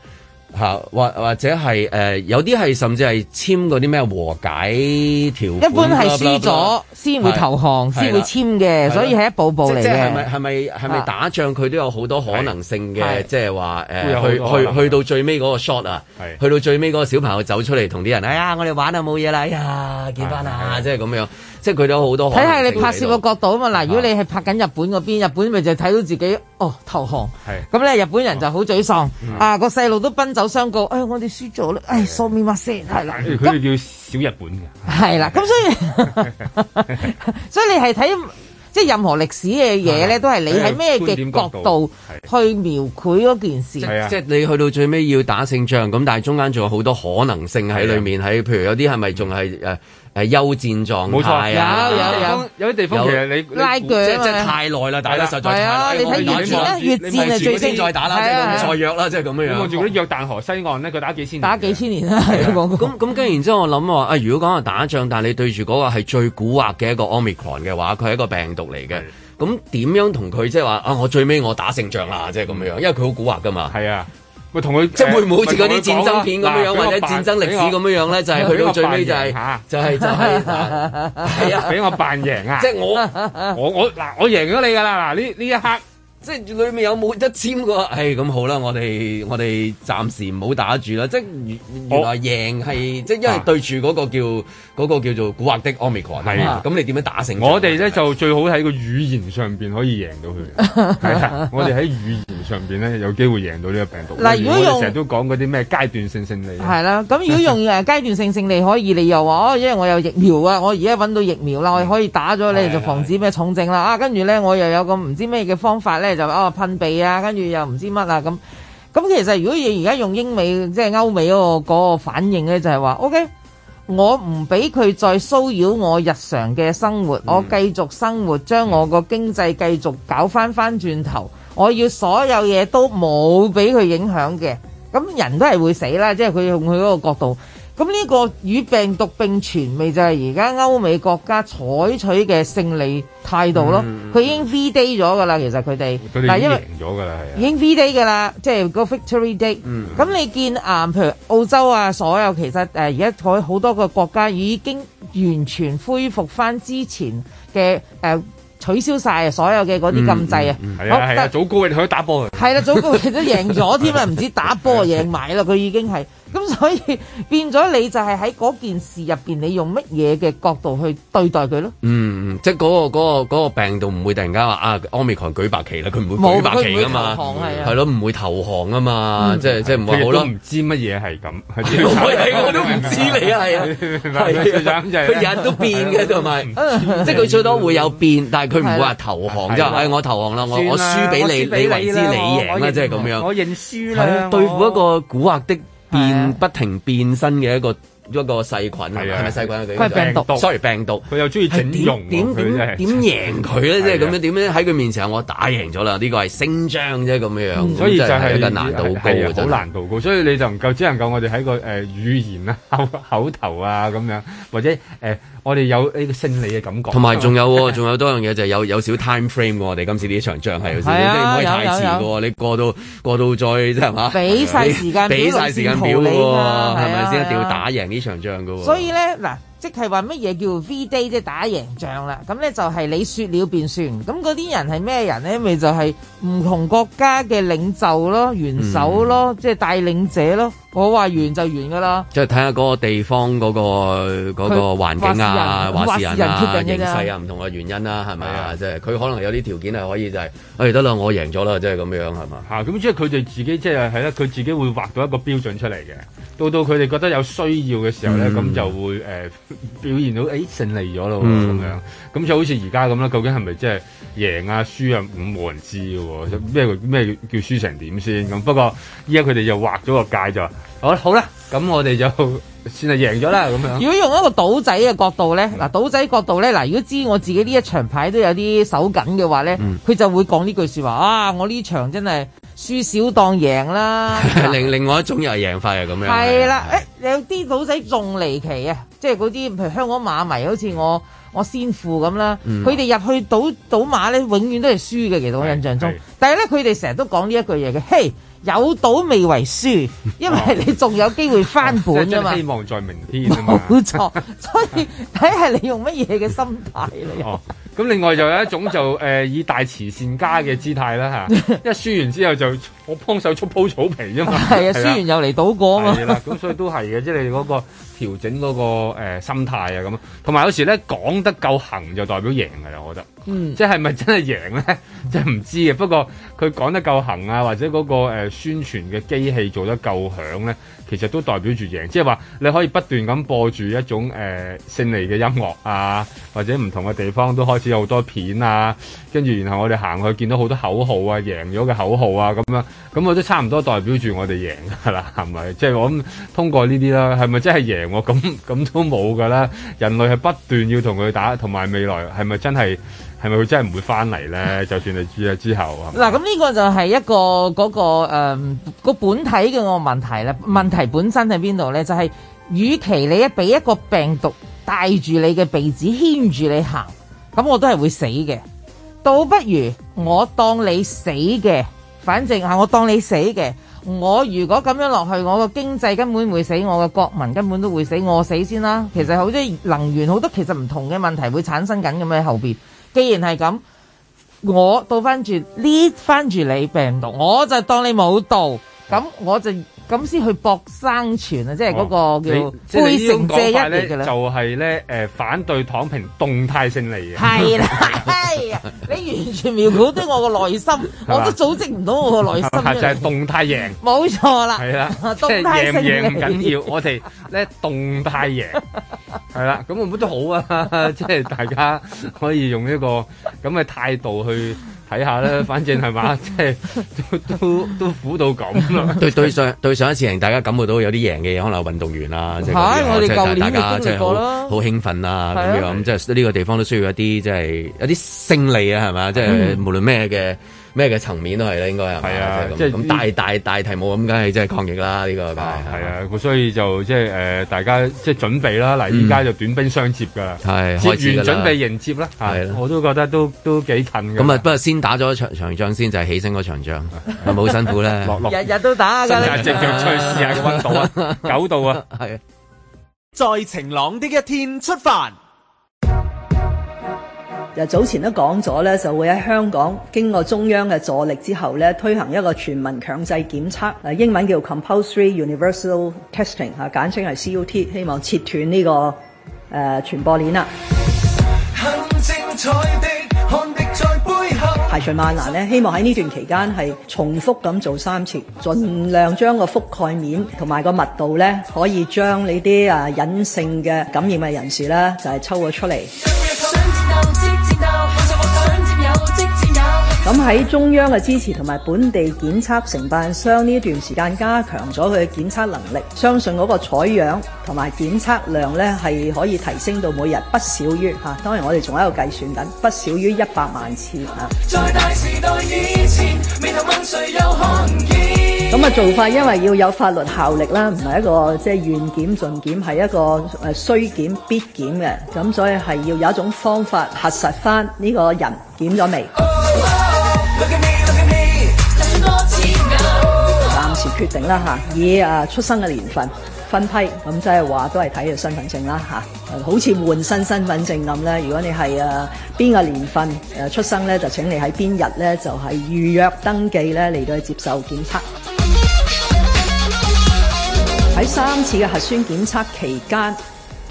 吓，或或者係誒、呃，有啲係甚至係簽嗰啲咩和解條款。一般係輸咗先會投降會簽，先會簽嘅，所以係一步步嚟嘅。即係係咪係咪係咪打仗，佢都有好多可能性嘅，即係、就是呃、話誒，去去去到最尾嗰個 shot 啊，去到最尾嗰個，個小朋友走出嚟同啲人，哎呀，我哋玩啊冇嘢啦，哎呀，見翻啊，即係咁樣。即係佢都有好多。睇下你拍攝個角度啊嘛，嗱，如果你係拍緊日本嗰邊，日本咪就睇到自己哦投降。係。咁咧，日本人就好沮喪，嗯、啊個細路都奔走相告，哎，我哋輸咗啦，哎喪命勿惜係啦。佢哋叫小日本嘅。係啦，咁所以 所以你係睇即係任何歷史嘅嘢咧，都係你喺咩嘅角度去描繪嗰件事。即係、就是、你去到最尾要打勝仗，咁但係中間仲有好多可能性喺裡面，喺譬如有啲係咪仲係誒？嗯啊係休戰狀態啊，冇錯、嗯嗯嗯嗯嗯！有有、嗯、有，有啲地方其實你，你拉鋸即係太耐啦，打得實在太耐啦、哎。你睇越戰係最驚再打啦、就是，再約啦，即係咁樣樣。望住啲約旦河西岸咧，佢打幾千年。打幾千年啦，咁咁跟住然之後我諗話，啊如果講話打仗，但係你對住嗰個係最蠱惑嘅一個 Omicron 嘅話，佢係一個病毒嚟嘅，咁點樣同佢即係話啊？我最尾我打勝仗啦！即係咁樣樣，因為佢好蠱惑噶嘛。係啊。會同佢即係會唔會好似嗰啲戰爭片咁樣樣，或者戰爭歷史咁樣樣咧？就係、是、去到最尾就係就係就係係啊！俾我扮贏啊！即係我我我嗱，我贏咗你㗎啦！嗱呢呢一刻。即係裏面有冇一簽個？係、哎、咁好啦，我哋我哋暫時唔好打住啦。即係原來贏係即係因為對住嗰個叫嗰、啊嗰個叫做古惑的 Omicron，係啊，咁你點樣打勝？我哋咧就最好喺個語言上面可以贏到佢。係 我哋喺語言上面咧有機會贏到呢個病毒。嗱， 如果用成日都講嗰啲咩階段性勝利係啦。咁如果用階段性勝利，可以你又話哦，因為我有疫苗啊，我而家揾到疫苗啦，我可以打咗你，就防止咩重症啦。啊，跟住咧我又有個唔知咩嘅方法咧。就啊，噴鼻啊，跟住又唔知乜啊咁，咁其實如果你而家用英美即係歐美嗰個個反應呢，就係話 OK，我唔俾佢再騷擾我日常嘅生活，我繼續生活，將我個經濟繼續搞翻翻轉頭，我要所有嘢都冇俾佢影響嘅，咁人都係會死啦，即係佢用佢嗰個角度。咁、這、呢個與病毒並存，咪就係而家歐美國家採取嘅勝利態度咯。佢、嗯、已經 V Day 咗噶啦，其實佢哋嗱，但因為贏咗噶啦，已經 V Day 噶啦，即係個 Victory Day。咁、嗯、你見啊、呃，譬如澳洲啊，所有其實誒而家好好多個國家已經完全恢復翻之前嘅誒、呃、取消晒所有嘅嗰啲禁制啊。係啊係啊，早高你可以打波佢。係啦，早高佢都贏咗添啦，唔 知打波贏埋啦，佢已經係。咁、嗯、所以變咗你就係喺嗰件事入邊，你用乜嘢嘅角度去對待佢咯？嗯、即係嗰個嗰個嗰個病毒唔會突然間話啊，Omicron 舉白旗啦，佢唔會舉白旗噶嘛，係咯，唔會投降啊嘛、嗯嗯，即係即係唔好啦。都唔知乜嘢係咁，我都唔知你啊，係佢人都變嘅同埋，即係佢最多會有變，但係佢唔會話投降啫。唉，我投降啦，我我輸俾你，你為之你贏啦，即係咁樣。我認輸啦。係啊，對付一個古惑的。嗯變不停變身嘅一個。一個細菌啊，係咪細菌啊？佢係病毒。sorry，病毒。佢又中意整容。點點點贏佢咧？即係咁樣點咧？喺佢面前，我打贏咗啦。呢、呢個係勝仗啫，咁、嗯、樣。所以就係一個難度高，好難度高。所以你就唔夠，只能夠我哋喺個、呃、語言啊、口頭啊咁樣，或者、呃、我哋有呢個勝利嘅感覺。同埋仲有喎，仲有,有, 有多樣嘢，就有、有有少 time frame 我哋今次呢場仗係，唔可以太遲喎。你過到過到再即嘛？時間表係咪先？一定要打贏幾場仗噶，所以咧嗱。即係話乜嘢叫 V Day 即係打贏仗啦，咁咧就係你說了便算，咁嗰啲人係咩人咧？咪就係、是、唔同國家嘅領袖咯、元首咯、嗯，即係帶領者咯。我話完就完噶啦，即係睇下嗰個地方嗰、嗰個嗰、嗰個環境啊，話事人話事人啊，形勢啊，唔、啊、同嘅原因啦，係咪啊？即係佢可能有啲條件係可以就係、是，哎得啦，我贏咗啦，即係咁樣係嘛？吓，咁即係佢哋自己即係係啦，佢自己會畫到一個標準出嚟嘅。到到佢哋覺得有需要嘅時候咧，咁就會誒。嗯欸表現到誒、哎、勝利咗咯咁樣，咁、嗯、就好似而家咁啦。究竟係咪即係贏啊輸啊，咁冇人知嘅、啊。咩咩叫輸成點先咁？不過依家佢哋就劃咗個界就，好啦好啦，咁我哋就算係贏咗啦咁樣。如果用一個賭仔嘅角度咧，嗱、嗯、賭仔角度咧，嗱如果知我自己呢一場牌都有啲手緊嘅話咧，佢、嗯、就會講呢句說話啊！我呢場真係。輸少當贏啦，另 另外一種又係贏法又咁樣。係啦，誒、欸、有啲賭仔仲離奇啊，即係嗰啲譬如香港馬迷好似我我先父咁啦，佢哋入去賭賭馬咧，永遠都係輸嘅。其實我印象中，但係咧佢哋成日都講呢一句嘢嘅，嘿有賭未為輸，因為你仲有機會翻本㗎嘛。 哦就係、希望在明天啊嘛，冇錯。所以睇下你用乜嘢嘅心態嚟 咁另外就有一種就誒以大慈善家嘅姿態啦 一輸完之後就我幫手捉鋪草皮啫嘛，係 啊，輸完又嚟賭過咯、啊，咁所以都係嘅，即係你嗰個調整嗰個誒心態啊咁，同埋有，有時咧講得夠行就代表贏㗎啦，我覺得。嗯， 即係咪真係贏呢？即係唔知嘅。不過佢講得夠行啊，或者嗰、個、呃、宣傳嘅機器做得夠響呢，其實都代表住贏。即係話你可以不斷咁播住一種誒、呃、勝利嘅音樂啊，或者唔同嘅地方都開始有好多片啊，跟住然後我哋行去見到好多口號啊，贏咗嘅口號啊咁樣，咁我都差唔多代表住我哋贏㗎啦，係咪？即、就、係、是、我諗通過呢啲啦，係咪真係贏、啊？咁 咁都冇㗎啦，人類係不斷要同佢打，同埋未來係咪真係？係咪佢真係唔會翻嚟呢？就算你知啦，之後啊，嗱咁呢個就係一個嗰、那個誒個、嗯、本體嘅個問題啦。問題本身喺邊度呢？就係，與其你一俾一個病毒帶住你嘅鼻子牽住你行，咁我都係會死嘅。倒不如我當你死嘅，反正啊，我當你死嘅，我如果咁樣落去，我個經濟根本會死，我嘅國民根本都會死，我死先啦。其實好多能源多，好多其實唔同嘅問題會產生緊咁喺後邊。既然係咁，我倒返住呢，返住你病毒，我就當你冇毒。咁我就咁先去搏生存啊、哦！即係嗰個叫背城借一嚟噶啦。就係咧，誒，反對躺平，動態勝利嘅係啦，係啊，你完全描估得我個內心，我都組織唔到我個內心。就係、是、動態贏。冇錯啦。係 啦，動態即係贏唔贏唔緊要， 我哋咧動態贏。係 啦，咁唔咁都好啊，即係大家可以用一個咁嘅態度去。睇下啦，反正係嘛，即、就、係、是、都 都都苦到咁咯 對對上對上一次贏，大家感覺到有啲贏嘅，嘢，可能有運動員啦、啊，即、就、係、是啊就是、大家即係好好興奮啊咁、啊、樣即係呢個地方都需要一啲即係一啲勝利啊，係嘛？即、就、係、是、無論咩嘅。嗯咩嘅層面都係啦，應該係。啊，即係咁大大大題目咁，梗係即係抗疫啦呢個。係係啊，咁所以就即係、呃、大家即係準備啦。嗱依家就短兵相接噶。係開始啦。接完準備迎接啦。係、啊。我都覺得都都幾近。咁啊，不過先打咗場場仗先，就係起身嗰場仗，冇辛苦呢？落落日日都打啦。日日隻腳吹試下個溫度啊，九度啊。係。在晴朗的一天出發。就早前都講咗咧，就會喺香港經過中央嘅助力之後咧，推行一個全民強制檢測，誒英文叫 compulsory universal testing 吓，簡稱係 CUT，希望切斷呢、這個誒、呃、傳播鏈啦。排除萬難咧，希望喺呢段期間係重複咁做三次，盡量將個覆蓋面同埋個密度咧，可以將呢啲啊隱性嘅感染嘅人士咧，就係抽咗出嚟。咁喺中央嘅支持同埋本地檢測承辦商呢段時間加強咗佢嘅檢測能力，相信嗰個採樣同埋檢測量咧係可以提升到每日不少於吓，當然我哋仲喺度計算緊不少於一百萬次啊！咁啊做法因為要有法律效力啦，唔係一個即係願檢盡檢，係一個誒需檢必檢嘅，咁所以係要有一種方法核實翻呢個人檢咗未？暫時決定啦，以出生嘅年份分批，咁即係話都係睇身份證啦，好似換身，身份證咁咧。如果你係啊邊個年份出生，就請你喺邊日就係預約登記嚟到接受檢測。喺三次嘅核酸檢測期間。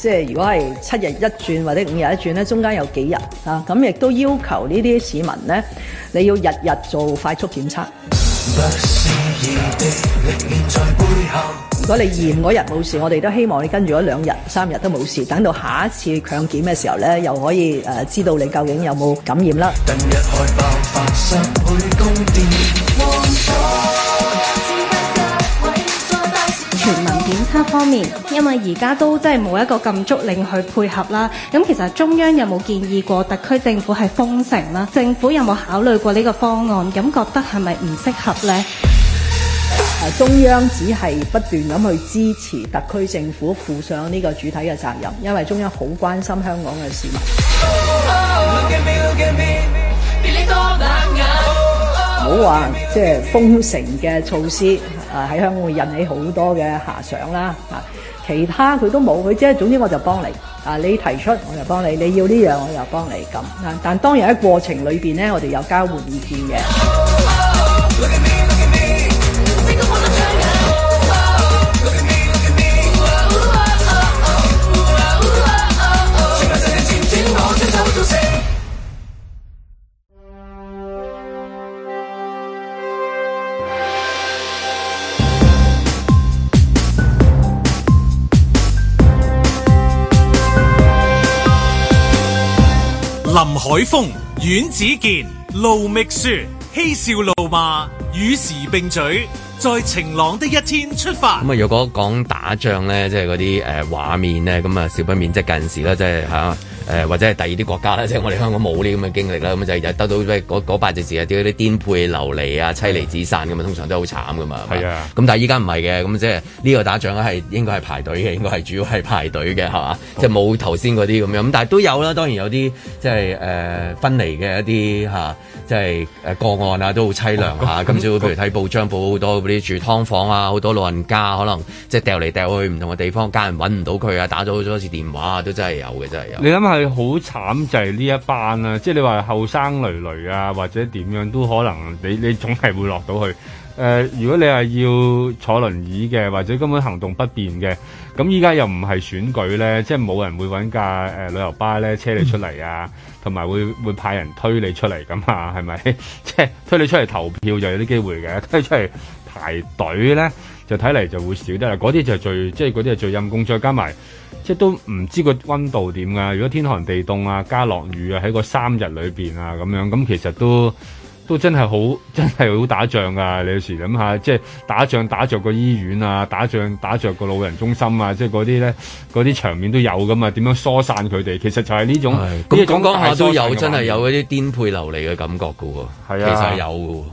即係如果係七日一轉或者五日一轉咧，中間有幾日啊？咁亦都要求呢啲市民咧，你要日日做快速檢測。如果你驗嗰日冇事，我哋都希望你跟住嗰兩日、三日都冇事，等到下一次強檢嘅時候咧，又可以、呃、知道你究竟有冇感染啦。方面，因為而家都真係冇一個禁足令去配合啦。咁其實中央有冇建議過特區政府係封城啦？政府有冇考慮過呢個方案？咁覺得係咪唔適合呢？中央只係不斷咁去支持特區政府負上呢個主體嘅責任，因為中央好關心香港嘅市民。唔好話即係封城嘅措施。啊！喺香港會引起好多嘅遐想啦，啊，其他佢都冇，佢即係，總之我就幫你，啊，你提出我就幫你，你要呢樣我就幫你咁，但當然喺過程裏邊咧，我哋有交換意見嘅。Oh, oh, 林海峰、阮子健、盧覓雪、嬉笑怒罵、與時並舉、在晴朗的一天出發。咁、就是呃就是、啊，如果講打仗咧，即係嗰啲誒畫面咧，咁啊，少不免即係近視啦，即係吓。誒、呃、或者係第二啲國家咧，即係我哋香港冇呢咁嘅經歷啦。咁、嗯嗯、就係、是、又得到嗰八隻字啊，啲嗰顛沛流離啊、妻離子散咁通常都好慘噶嘛。係啊。咁但係依家唔係嘅，咁即係呢、這個打仗咧係應該係排隊嘅，應該係主要係排隊嘅，係嘛、嗯？即係冇頭先嗰啲咁樣。咁但係都有啦，當然有啲即係誒、呃、分離嘅一啲嚇、啊，即係誒個案啊，都好凄涼嚇、哦啊。今朝譬如睇報章報好多嗰啲住劏房啊，好多老人家可能即係掉嚟掉去唔同嘅地方，家人揾唔到佢啊，打咗好多次電話都真係有嘅，真係有的。你諗下？係好慘就係呢一班啊，即係你話後生累累啊，或者點樣都可能你，你你總係會落到去。誒、呃，如果你係要坐輪椅嘅，或者根本行動不便嘅，咁依家又唔係選舉咧，即係冇人會揾架旅遊巴咧車你出嚟啊，同埋會會派人推你出嚟咁啊，係咪？即係推你出嚟投票就有啲機會嘅，推出嚟排隊咧就睇嚟就會少得啦。嗰啲就係最即係嗰啲係最陰功，再加埋。即係都唔知個溫度點噶，如果天寒地凍啊，加落雨啊，喺個三日裏邊啊咁樣，咁其實都都真係好，真係好打仗噶，你有時諗下，即係打仗打着個醫院啊，打仗打着個老人中心啊，即係嗰啲咧，嗰啲場面都有噶嘛？點樣疏散佢哋？其實就係呢種，咁講講下都有，真係有一啲顛沛流離嘅感覺噶喎。係啊，其實有噶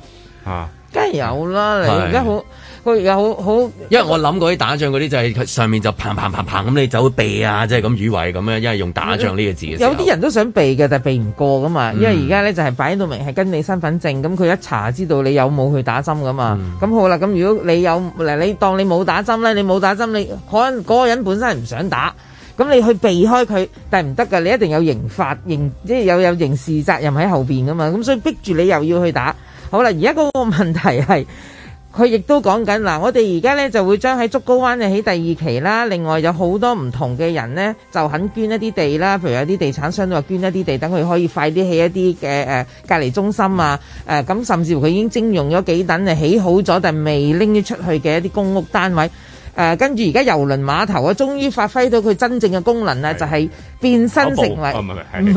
吓，啊，梗係有啦，你而家好。佢有好好，因為我諗嗰啲打仗嗰啲就係上面就砰砰砰砰咁，你走避啊，即係咁以為咁樣，因為用打仗呢、呢個字、嗯、有啲人都想避嘅，但係避唔過噶嘛。因為而家呢就係、是、擺到明係跟你身份證，咁佢一查知道你有冇去打針噶嘛。咁、嗯、好啦，咁如果你有嗱，你當你冇打針呢？你冇打針，你可能個個人本身係唔想打，咁你去避開佢，但係唔得㗎，你一定有刑罰，刑，即係有有刑事責任喺後邊噶嘛。咁所以逼住你又要去打。好啦，而家個個問題係。佢亦都講緊嗱，我哋而家呢就會將喺竹篙灣誒起第二期啦，另外有好多唔同嘅人呢，就肯捐一啲地啦，譬如有啲地產商都話捐一啲地，等佢可以快啲起一啲嘅誒隔離中心啊誒咁、呃，甚至乎佢已經徵用咗幾等起好咗，但未拎咗出去嘅一啲公屋單位誒，跟住而家郵輪碼頭啊，終於發揮到佢真正嘅功能啦、啊，就係、是、變身成為唔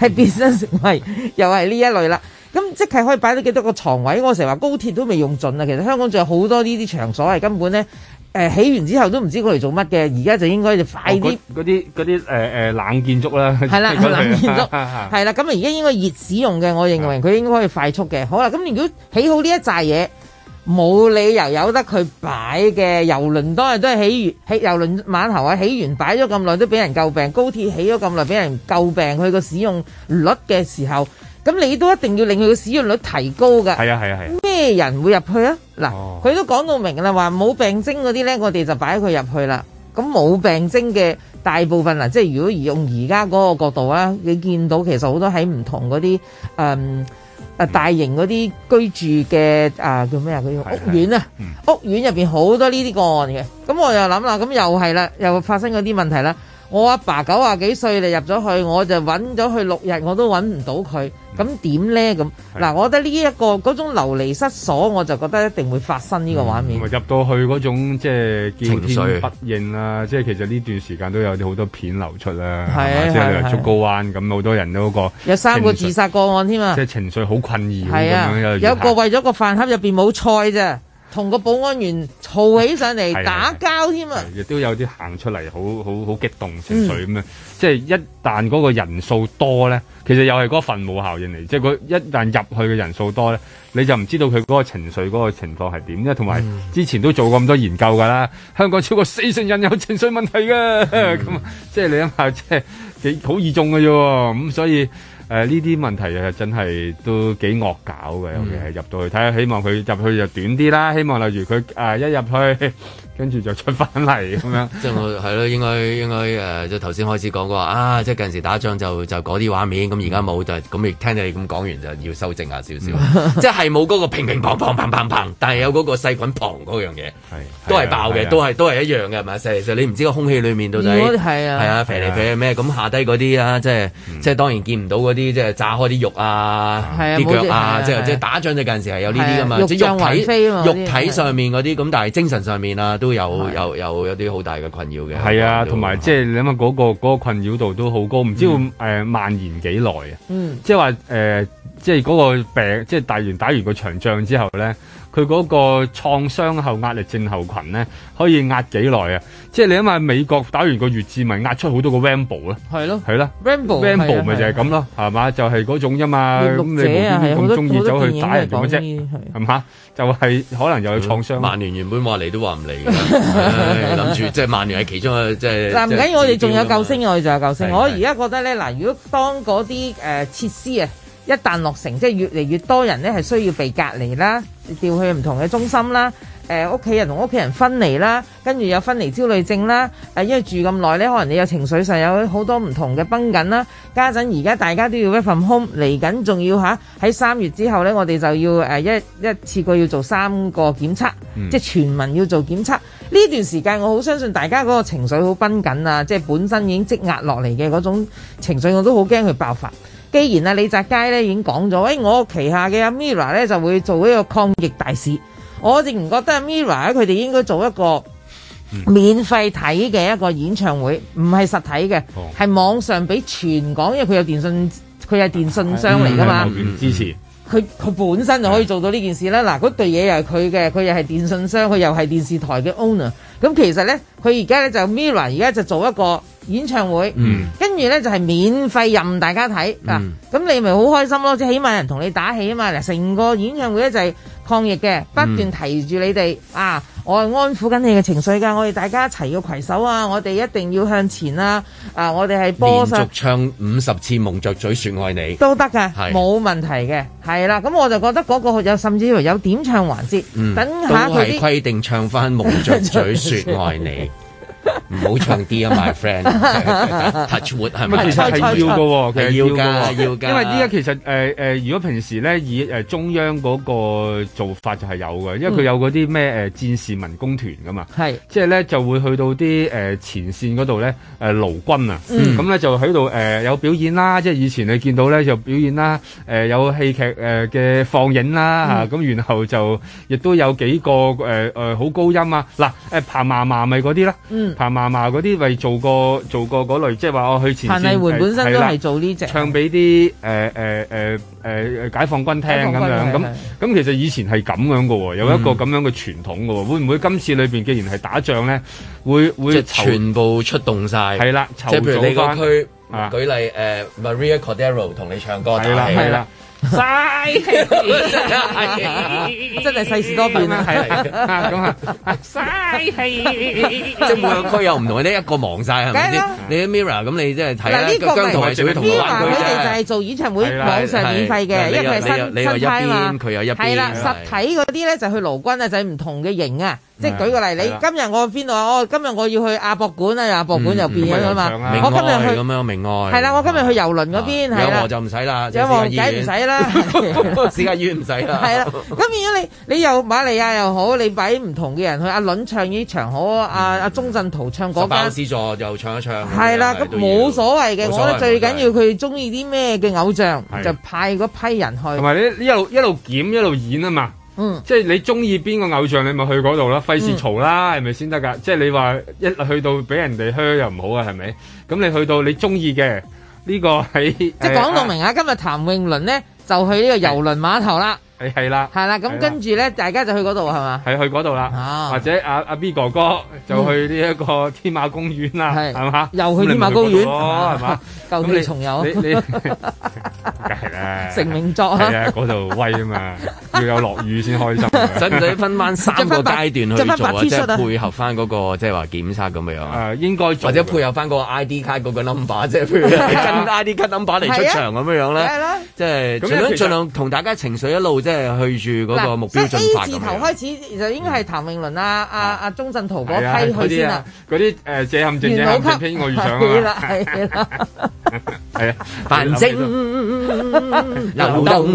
係 變身成為又係呢一類啦。咁即係可以擺到幾多個床位？我成日話高鐵都未用盡啊！其實香港仲有好多呢啲場所係根本咧、呃、起完之後都唔知佢嚟做乜嘅。而家就應該就快啲嗰啲嗰啲冷建築啦，係啦， 冷建築係啦。咁而家應該熱使用嘅，我認為佢應該可以快速嘅。好啦，咁如果起好呢一紮嘢，冇理由由得佢擺嘅郵輪當日都係起完起郵輪碼頭啊，起完擺咗咁耐都俾人詬病。高鐵起咗咁耐俾人詬病，佢個使用率嘅時候。咁你都一定要令佢嘅使用率提高噶。係啊，係啊，係。咩、啊啊、人會入去啊？嗱，佢、哦、都講到明啦，話冇病徵嗰啲咧，我哋就擺佢入去啦。咁冇病徵嘅大部分啦，即係如果用而家嗰個角度啦，你見到其實好多喺唔同嗰啲誒誒大型嗰啲居住嘅啊叫咩啊？嗰啲屋苑啊，屋苑入邊好多呢啲個案嘅。咁我又諗啦，咁又係啦，又發生嗰啲問題啦。我阿爸九廿幾歲，你入咗去，我就揾咗佢六日，我都揾唔到佢，咁點咧？咁嗱，我覺得呢、這、一個嗰種流離失所，我就覺得一定會發生呢個畫面。入、嗯、到去嗰種即係見天不應啦，即係其實呢段時間都有好多片流出啦，即係例如竹篙灣咁，好多人都講有三個自殺個案添啊，即係情緒好困擾咁樣。有個為咗個飯盒入面冇菜啫。同個保安員嘈起上嚟，打交添啊！亦都有啲行出嚟，好好好激動情緒咁樣、嗯。即係一旦嗰個人數多咧，其實又係嗰個羣效應嚟、嗯。即係佢一旦入去嘅人數多咧，你就唔知道佢嗰個情緒嗰個情況係點。因為同埋之前都做咁多研究㗎啦，香港超過四成人有情緒問題嘅。咁、嗯、即係你諗下，即係。幾好易中嘅啫喎，咁、嗯、所以誒呢啲問題啊真係都幾惡搞嘅，尤其係入到去睇下，希望佢入去就短啲啦，希望例如佢誒、啊、一入去，跟住就出翻嚟咁樣，即係我係咯，應該應該誒，即係頭先開始講過啊，即係近陣時打仗就就嗰啲畫面，咁而家冇就咁。亦聽你咁講完就要修正下少少、嗯，即係冇嗰個乒乒乓乓但係有嗰個細菌旁嗰樣嘢，都係爆嘅、啊啊啊，都係都係一樣嘅，係咪？你唔知個空氣裡面到底係啊，係啊，肥嚟咩？咁、啊、下低嗰啲啦，即係、嗯、即係當然見唔到嗰啲，即係炸開啲肉啊，啲、啊、腳啊，啊啊啊即係、啊啊、即係、啊啊、打仗就近陣時係有呢啲噶嘛，即係肉體肉體上面嗰啲，咁但係精神上面啊。都有有有有啲好大嘅困擾嘅，係啊，同埋即係你諗下嗰個嗰個困擾度都好高，唔知會誒蔓延幾耐啊？嗯，即係話誒，即係嗰個病，即係大完打完個場仗之後咧。佢嗰個創傷後壓力症候群咧，可以壓幾耐啊？即係你諗下，美國打完個越戰，咪壓出好多個 Rambo 啊？係咯，係啦 Rambo，Rambo 咪就係咁咯，係嘛？就係、是、嗰、就是、種啫嘛。咁、嗯、你邊咁中意走去打人咁啫？係嘛？ 就係可能又有創傷。曼聯原本話嚟都話唔嚟，諗住即係曼聯係其中嘅即係。唔緊要，我哋仲有救星，我哋仲有救星。我而家覺得咧，嗱，如果當嗰啲誒設施啊。一旦落成，即係越嚟越多人咧係需要被隔離啦，調去唔同嘅中心啦，誒屋企人同屋企人分離啦，跟住有分離焦慮症啦，誒、呃、因為住咁耐咧，可能你有情緒上有好多唔同嘅繃緊啦。家陣而家大家都要一份 home，嚟緊仲要下喺三月之後咧，我哋就要誒、呃、一一次過要做三個檢測，嗯、即係全民要做檢測。呢段時間我好相信大家嗰個情緒好繃緊啊，即係本身已經積壓落嚟嘅嗰種情緒，我都好驚佢爆發。既然李澤街李澤楷咧已經講咗，哎，我旗下嘅阿 Mira 咧就會做一個抗疫大使。我哋唔覺得 Mira 佢哋應該做一個免費睇嘅一個演唱會，唔係實體嘅，係網上俾全港，因為佢有電信，佢係電信商嚟噶嘛，嗯、支持。佢佢本身就可以做到呢件事啦，嗱，嗰對嘢又係佢嘅，佢又係電信商，佢又係電視台嘅 owner，咁其實呢，佢而家呢就 Mirror 而家就做一個演唱會，跟、嗯、住呢，就係、是、免費任大家睇，嗱、嗯，咁、啊、你咪好開心咯，即係起碼有人同你打氣啊嘛，嗱，成個演唱會呢，就係抗疫嘅，不斷提住你哋、嗯、啊。我係安撫緊你嘅情緒㗎，我哋大家一齊要攜手啊！我哋一定要向前啦、啊！啊，我哋係連續唱五十次夢着嘴説愛你都得㗎，冇問題嘅，係啦。咁我就覺得嗰個有甚至乎有點唱環節，嗯、等下一啲都規定唱翻夢着嘴説愛你。 唔 好唱啲啊，my friend，touch wood 係咪？其實係要嘅喎，其實要㗎，要㗎。因為而家其實誒誒、呃、如果平時咧以誒、呃、中央嗰做法就係有嘅。因為佢有嗰啲咩誒戰士民工團㗎嘛，係，即係咧就會去到啲誒、呃、前線嗰度咧誒勞軍啊，咁、嗯、咧就喺度誒有表演啦，即係以前你見到咧就表演啦，誒、呃、有戲劇誒嘅放映啦吓咁、嗯啊、然後就亦都有幾個誒誒好高音啊，嗱誒、呃、彭麻麻咪嗰啲啦，嗯，彭。嫲嫲嗰啲咪做過做過嗰類，即係話我去前線，彭麗媛本身都係做呢隻係啦，唱俾啲誒誒誒誒誒解放軍聽咁樣咁咁，是是是是其實以前係咁樣嘅喎，有一個咁樣嘅傳統嘅喎，嗯、會唔會今次裏面既然係打仗咧，會會全部出動晒？係啦，即譬如你個區、啊、舉例、呃、Maria Cordero 同你唱歌係啦係啦。嘥氣，真係世事多變啊！ 係咁啊，嘥氣，即係每個區有唔同嘅呢一個忙晒係咪？你啲 Mirror 咁，你即係睇咧，姜呢係最同佢嘅。Mirror 佢哋就係做演唱會網上免費嘅，因為你有，一邊佢有一邊係啦。實體嗰啲咧就去盧軍啊，就係唔同嘅型啊。即係舉個例，你今日我邊邊度啊？我今日我要去亞博館啊，亞博館又變咗嘛、嗯嗯！我今日去咁樣明愛。係啦，我今日去遊輪嗰邊。有望就唔使啦，有望仔唔使啦，私家院唔使啦。係啦，咁變咗你，你又馬利亞又好， 你擺唔同嘅人去。阿倫唱呢場好，阿阿鐘鎮濤唱嗰間。巴、嗯嗯、座又唱一唱。係啦，咁冇所謂嘅，我覺得最緊要佢中意啲咩嘅偶像，就派嗰批人去。同埋呢一路一路檢一路演啊嘛。嗯，即係你中意邊個偶像，你咪去嗰度啦，費事嘈啦，係咪先得㗎？即係你話一去到俾人哋嘘又唔好啊，係咪？咁你去到你中意嘅呢個喺，即係講到明啊、哎，今日譚詠麟呢就去呢個郵輪碼頭啦。誒、哎，係啦，係啦，咁跟住咧，大家就去嗰度係嘛，係去嗰度啦，或者阿、啊、阿、啊、B 哥哥就去呢一個天馬公園啦，係嘛，又去天馬公園哦，係嘛，舊地重遊，梗係啦，成名作啊，啊，嗰度威啊嘛， 要有落雨先開心，使唔使分翻三個階段去做啊？啊即係配合翻、那、嗰個即係話檢測咁樣啊，應該或者配合翻個 ID 卡嗰個 number 即係、啊、譬如跟 ID 卡 number 嚟出場咁、啊、樣、啊、樣咧，啊、即係盡、啊啊、量盡量同大家情緒一路即誒去住嗰個目標進發。即 A 字頭開始就應該係譚詠麟啊、啊、啊、鍾鎮濤嗰批去先啦。嗰啲誒借殼正正級偏外遇上啦。係啦，係啦，係啊。反正流動，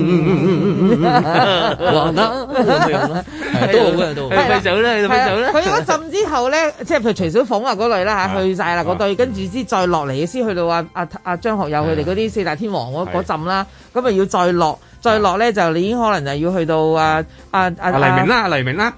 黃金冇用啦，都好嘅都。去邊走咧？去邊走咧？去咗浸之後咧，即係譬如徐小鳳啊嗰類啦嚇，去晒啦嗰對，跟住之再落嚟嘅先去到啊啊啊張學友佢哋嗰啲四大天王嗰嗰陣啦，咁啊要再落。再落呢，就你已經可能就要去到啊黎明啦，黎明啦，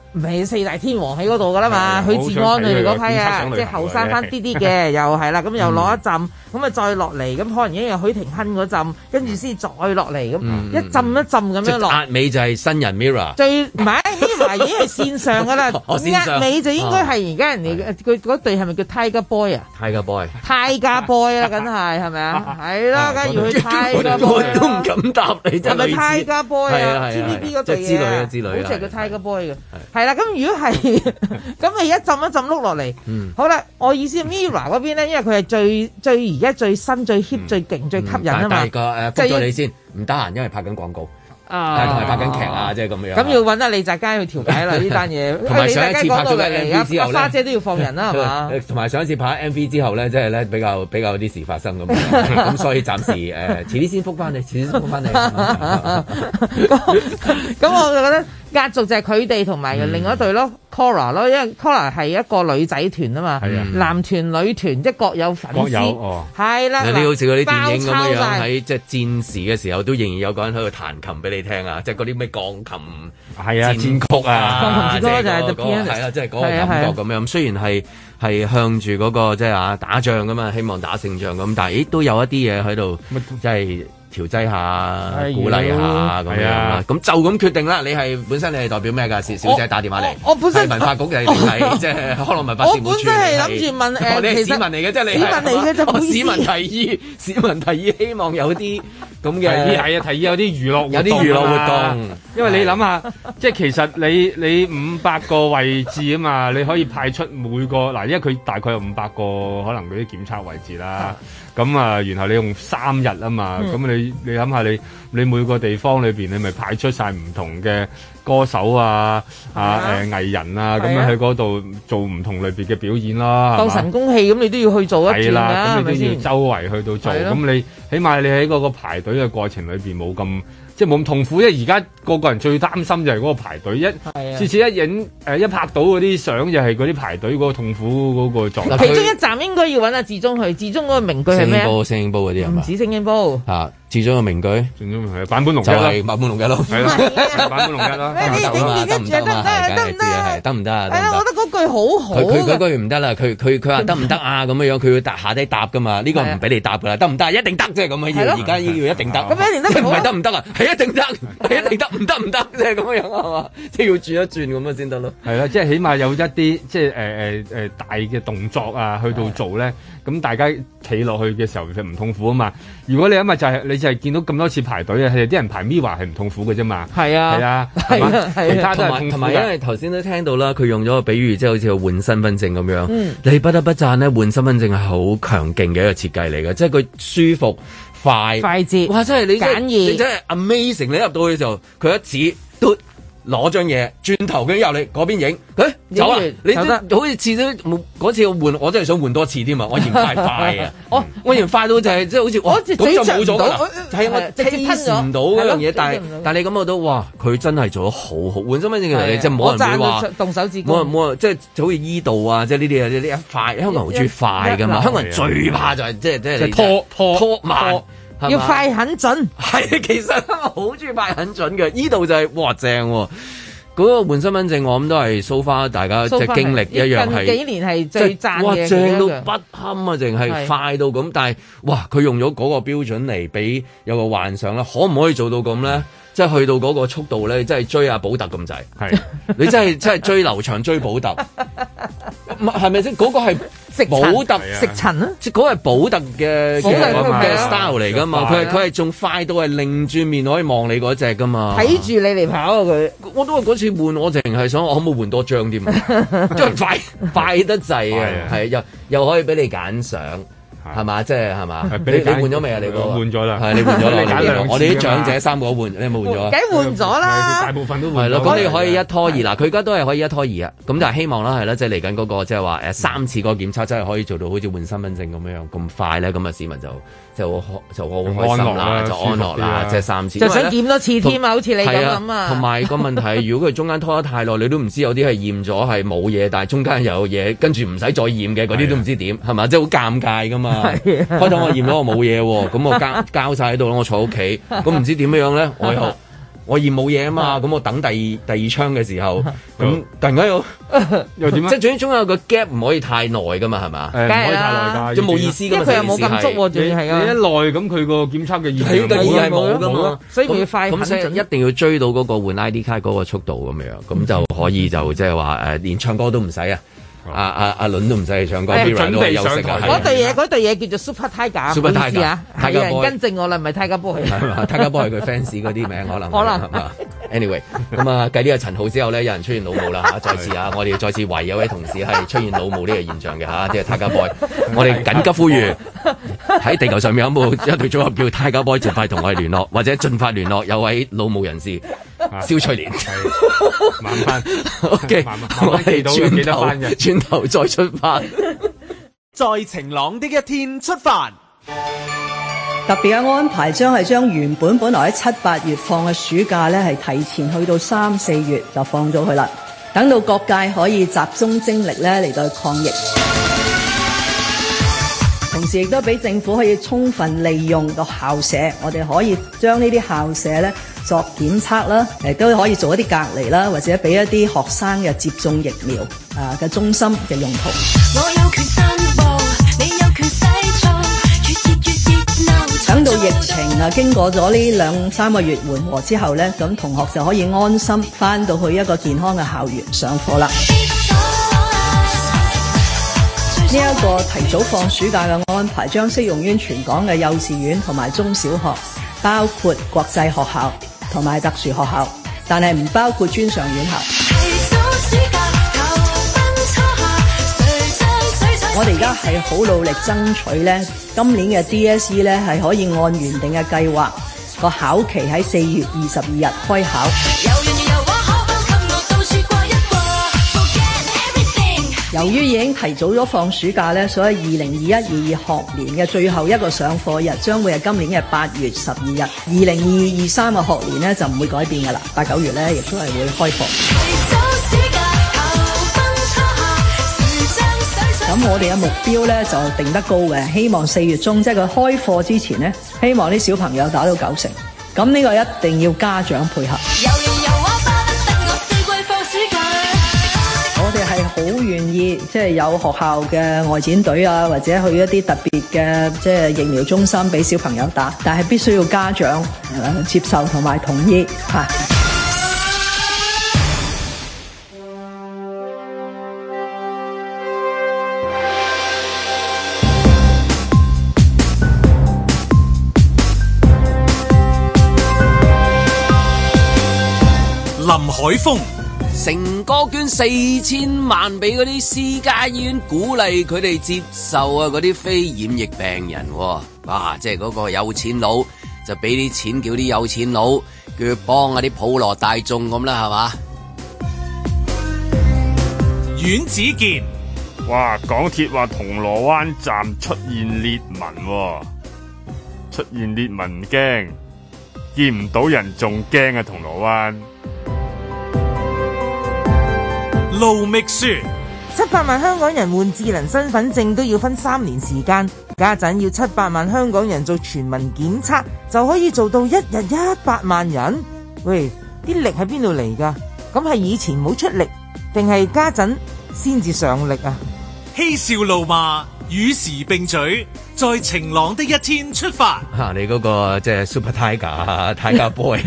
四大天王喺嗰度㗎啦嘛，許志安佢哋嗰批啊，即後生翻啲啲嘅又係啦，咁 又落一陣。咁咪再落嚟，咁可能已經有許廷鏗嗰陣，跟住先再落嚟，咁一浸一浸咁樣落。即係壓尾就係新人 Mira。最唔係，已經係線上噶啦。我線上。壓尾就應該係而家人哋嘅，佢嗰隊係咪叫 Tiger Boy 啊？Tiger Boy。Tiger Boy 啦，梗係係咪啊？係啦，梗係如果 Tiger Boy 都唔敢答你，真係。係咪 Tiger Boy 啊？TVB 嗰隊嘢。即係之類嘅之類。好似叫 Tiger Boy 嘅。係啦，咁如果係咁咪一浸一浸碌落嚟。嗯。好啦，我意思 Mira 嗰邊咧，因為佢係最最易。而家最新最 hit、嗯、最勁、嗯、最吸引啊嘛！但係個誒復咗你先，唔得閒，因為拍緊廣告，啊，同埋拍緊劇啊，即係咁樣。咁、啊、要揾得你就梗要調解啦 呢單嘢。同埋 上一次拍咗 M V 之後呢，花姐都要放人啦，係嘛？同埋上一次拍 M V 之後咧，即係咧比較比較有啲事發生咁，咁 不是 所以暫時誒遲啲先復翻你，遲啲先復翻你。咁 我就覺得壓軸就係佢哋同埋另外一隊咯。嗯 Cora 咯，因為 Cora 係一個女仔團啊嘛，男團女團即係各有粉絲，係啦。你好似嗰啲電影咁樣，喺即係戰時嘅時候都仍然有個人喺度彈琴俾你聽啊，即係嗰啲咩鋼琴，係啊戰曲啊，鋼琴之歌，就係、是、the pianist 即係嗰感覺咁樣是、啊。雖然係向住嗰、那個即係、就是、打仗噶嘛，希望打勝仗咁，但係都有一啲嘢喺度，即、就、係、是。調劑下，鼓勵下咁樣。咁就咁決定啦。你係本身你係代表咩㗎？小小姐打電話嚟，我本身文化局係即係可能文化，我本身係諗住問你、呃哦、市民嚟嘅，即係市民嚟嘅就、哦、市民提議，市民提議希望有啲。 咁嘅，提係啊，提議有啲娛樂有啲娛樂活動，啊活動啊，因為你諗下，即係其實你你五百個位置啊嘛， 你可以派出每個嗱，因為佢大概有五百個可能嗰啲檢測位置啦，咁 啊，然後你用三日啊嘛，咁你你諗下你你每個地方裏面，你咪派出晒唔同嘅。歌手啊，啊誒、呃、藝人啊，咁、啊、樣去嗰度做唔同類別嘅表演啦，當、啊、神功戲咁，你都要去做一係啦，咁、啊、你都要周圍去到做，咁、啊、你起碼你喺嗰個排隊嘅過程裏面冇咁，即係冇咁痛苦。因為而家個個人最擔心就係嗰個排隊，一次、啊、次一影一拍到嗰啲相，就係嗰啲排隊嗰個痛苦嗰個狀態。其中一站應該要搵阿志忠去，志忠嗰個名句係咩啊？聲波聲波嗰啲係嘛？唔止聲波始終個名句，就係坂本龍一咯，坂本龍一咯，坂本龍一咯，得唔得啊？得唔得啊？係啊，我覺得嗰句好好。佢佢嗰個月唔得啦，佢佢佢話得唔得啊？咁嘅樣，佢要答下低答噶嘛？呢個唔俾你答噶啦，得唔得？一定得啫咁嘅嘢，而家呢要一定得。咁一年得唔得？唔係得唔得啊？係一定得，一定得，唔得唔得啫咁嘅樣啊嘛，即係要轉一轉咁啊先得咯。係啦，即係起碼有一啲即係誒誒誒大嘅動作啊，去到做咧，咁大家企落去嘅時候佢唔痛苦啊嘛。如果你咁啊就係你。就係見到咁多次排隊人排是不的是啊！係啲人排咪 va 係唔痛苦嘅啫嘛，係啊，係啊，係嘛、啊啊啊啊啊啊，其他都係痛苦。同埋因為頭先都聽到啦，佢用咗個比喻，即係好似換身份證咁樣、嗯。你不得不讚咧，換身份證係好強勁嘅一個設計嚟嘅，即係佢舒服、快、快捷。哇！真係你真係你真係 Amazing！你入到去嘅時候，佢一指都。攞張嘢轉頭你，跟住由你嗰邊影，佢走啦。你都好似次都冇嗰次我換，我真係想換多次添啊！我嫌快快啊！ 我嫌快到就係即係好似我，咁就冇咗啦。係我直接唔到嗰樣嘢，但係但係你感覺到哇，佢真係做得好好。換身份證嚟，即係冇人會話。我唔會即係好似醫度啊，即係呢啲啊呢啲一快，香港人好鍾意快㗎嘛。香港人最怕就係即係即係拖拖拖慢。拖要快很準，係 其實我好中意快很準嘅。呢度就係、是、哇正、啊，嗰、那個換身份證我諗都係 so far 大家嘅經歷一樣係。So、is, 幾年係最讚嘅，正到不堪啊！淨係快到咁，但係哇，佢用咗嗰個標準嚟俾有個幻想啦，可唔可以做到咁咧？即係去到嗰個速度咧，即係追阿寶特咁滯，係你真係 真係追劉翔追寶特，唔係咪先？嗰、嗰個係即保特食塵啊！即嗰係寶特嘅嘅 style 嚟噶嘛？佢係，佢係仲快到係擰住面可以望你嗰隻噶嘛？睇住你嚟跑啊！佢我，我都話嗰次換，我淨係想我可唔可以換多張添？即係快 快得滯啊！係又又可以俾你揀相。係嘛，即係係嘛，你你換咗未啊？你、那個換咗啦，係你換咗啦。我哋啲長者三個換，你有冇換咗啊？梗換咗啦，就是、大部分都換。係咯，咁你可以一拖二。嗱，佢而家都係可以一拖二啊。咁就係希望啦，係啦，即係嚟緊嗰個即係話，誒，三次個檢測真係可以做到好似換身份證咁樣呢樣咁快咧。咁啊，市民就。就好就好開心啦，就安樂啦，即係三次就想檢多次添啊！好似你咁咁啊，同埋個問題， 如果佢中間拖得太耐，你都唔知有啲係驗咗係冇嘢，但係中間有嘢，跟住唔使再驗嘅嗰啲都唔知點，係咪、啊？即係好尷尬噶嘛、啊！開頭我驗咗我冇嘢喎，咁我交交晒喺度咯，我坐屋企，咁唔知點樣咧？我又。我而冇嘢啊嘛，咁我等第二第二槍嘅時候，咁突然間又又點樣即係總之總有個 gap 唔、啊、可以太耐噶嘛，係咪？誒，唔可以太耐㗎，就冇意思。因為佢又冇咁足、啊，仲要係啊你！你一耐咁，佢個檢測嘅異常會冇咁咯。所以要快咁一定要追到嗰個換 ID 卡嗰個速度咁樣，咁就可以就即係話誒，連唱歌都唔使啊！嗯嗯阿阿阿倫都唔使去唱歌，喺、嗯、邊度休息啊？嗰對嘢嗰對嘢叫做 Super Tiger，Super Tiger，有人跟正我啦，唔係 Tiger Boy，Tiger Boy 佢 fans 嗰啲名 可能 可能係嘛 ？Anyway，咁啊繼呢個陳豪之後咧，有人出現老母啦嚇， 再次啊， 我哋再次懷疑有位同事係出現老母呢個現象嘅嚇， 即係是 Tiger Boy， 我哋緊急呼籲喺 地球上面有冇一隊組合叫 Tiger Boy 盡快同我哋聯絡， 或者盡快聯絡有位老母人士。燒菜連晚飯，OK， 慢慢記 我係轉頭。轉 頭再出發， 在晴朗一的一天出發。 特別嘅安排，將係將原本本來喺七八月放嘅暑假咧，係提前去到三四月就放咗佢啦。等到各界可以集中精力咧嚟到抗疫， 同時亦都俾政府可以充分利用到校舍，我哋可以將呢啲校舍咧。作檢測啦，亦都可以做一啲隔離啦，或者俾一啲學生嘅接種疫苗啊嘅中心嘅用途。等到疫情啊，經過咗呢兩三個月緩和之後咧，咁同學就可以安心翻到去一個健康嘅校園上課啦。呢、right, 一個提早放暑假嘅安排，將適用於全港嘅幼稚園同埋中小學，包括國際學校。同埋特殊學校，但係唔包括專上院校。 我哋而家係好努力爭取咧，今年嘅 DSE 咧，係可以按原定嘅計劃，個考期喺四月二十二日開考。由於已經提早咗放暑假，所以二零二一二二學年嘅最後一個上課日將會係今年嘅八月十二日。二零二二三個學年就唔會改變噶啦，八九月呢也亦都係會開放。 咁我哋嘅目標呢就定得高嘅，希望四月中即係佢開課之前呢，希望啲小朋友打到九成。咁呢個一定要家長配合。 好願意，即係有學校嘅外展隊啊，或者去一啲特別嘅即係疫苗中心，俾小朋友打，但係必須要家長、啊、接受同埋同意嚇、啊。林海峰。成哥捐四千萬俾嗰啲私家醫院，鼓勵佢哋接受啊！嗰啲非染疫病人，哇！即係嗰個有錢佬就俾啲錢叫啲有錢佬叫佢幫啊啲普羅大眾咁啦，係嘛？阮子健，哇！港鐵話銅鑼灣站出現裂紋，啊，出現裂紋驚見唔到人，仲驚啊！銅鑼灣。盧覓雪，七百萬香港人換智能身份證都要分三年時間，家陣要七百萬香港人做全民檢測就可以做到一日一百萬人。喂，啲力喺邊度嚟㗎？咁係以前冇出力，定係家陣先至上力啊？嬉笑怒罵與時並舉。在晴朗的一天出發。嚇、啊，你嗰、那個即係 Super Tiger、啊、Tiger Boy，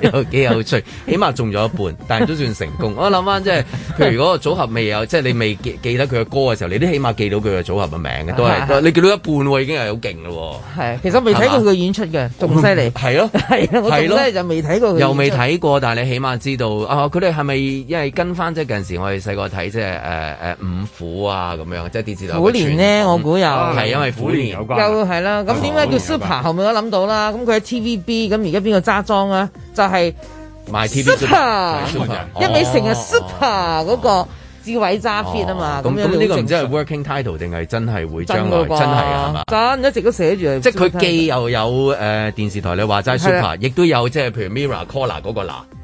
又、啊、幾 有趣， 起碼中咗一半，但係都算成功。 我諗翻即係，譬如嗰個組合未有，即係你未記記得佢嘅歌嘅時候，你都起碼記到佢嘅組合嘅名嘅，都係 你記到一半喎、啊，已經係好勁咯。係，其實未睇過佢演出嘅，仲犀利。係咯，係， 我真係就未睇過又未睇過，但係你起碼知道啊，佢哋係咪因為跟翻即係近時我哋細個睇即係誒誒五虎啊咁樣，即係電視台。虎年咧、嗯，我估有係因為虎年。有又係啦，咁點解叫 Super？後面我諗到啦，咁佢喺 TVB，咁而家邊個揸莊啊？就係、是、MyTV Super，, My TV Super, Super、哦、一味成日 Super 嗰、哦，那個志偉揸 fit 啊嘛。咁、哦、呢個唔知係 working title 定係真係會將來真係啊嘛？真一直都寫住，即係佢既又有誒、呃、電視台你話齋 Super，亦都有即係譬如 Mirror Collar 嗰個啦。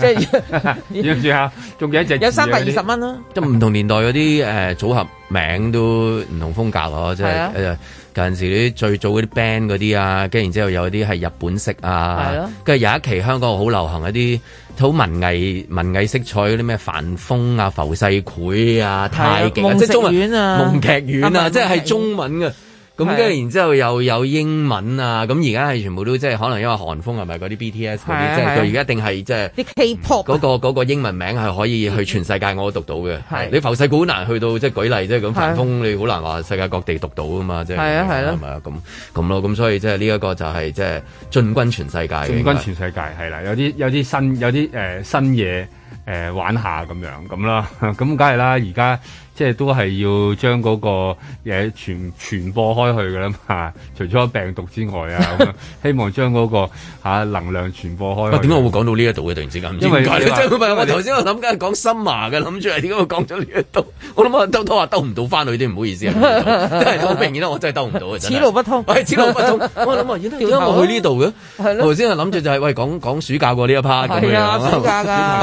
即係要住下，仲有一隻。 有三百二十蚊咯。即唔同年代嗰啲誒組合名都唔同風格咯。即係近陣時啲最早嗰啲 band 嗰啲啊，跟住然之後有啲係日本式啊。係咯。跟住有一期香港好流行一啲好文藝文藝色彩嗰啲咩凡風啊、浮世繪啊、太極即係中文啊、夢劇院啊、夢劇院啊，院啊院啊院即係中文嘅。咁跟住，然之後又有英文啊！咁而家係全部都即係可能因為韓風係咪嗰啲 BTS 嗰啲？即係佢而家一定係即係嗰個嗰、啊嗰個嗰個、英文名係可以去全世界我都讀到嘅、啊。你浮世古好難去到，即、就、係、是、舉例即係咁，韓風你好難話世界各地讀到噶嘛？即係係啊係咯，係啊咁咁咯？咁、啊啊啊啊啊啊啊、所以即係呢一個就係即係進軍全世界。進軍全世界係啦，有啲有啲新有啲、呃、新嘢玩下咁樣咁啦，咁梗係啦而家。即係都係要將嗰個嘢傳傳播開去㗎啦嘛，除咗病毒之外啊，希望將嗰、那個、啊、能量傳播開。點 解我會講到呢一度嘅？突然之間，因為唔知點解。我頭先我諗緊講森麻嘅，諗住係點解講咗呢一度？我諗我兜兜話兜唔到翻去啲，唔 好意思。好 但是 明顯啦、 哎，我真係兜唔到此路不通，此路不通。我諗我點解我去呢度嘅？頭 先我諗住就係、是、喂，講講暑假過呢一 part 嘅。係啊，暑假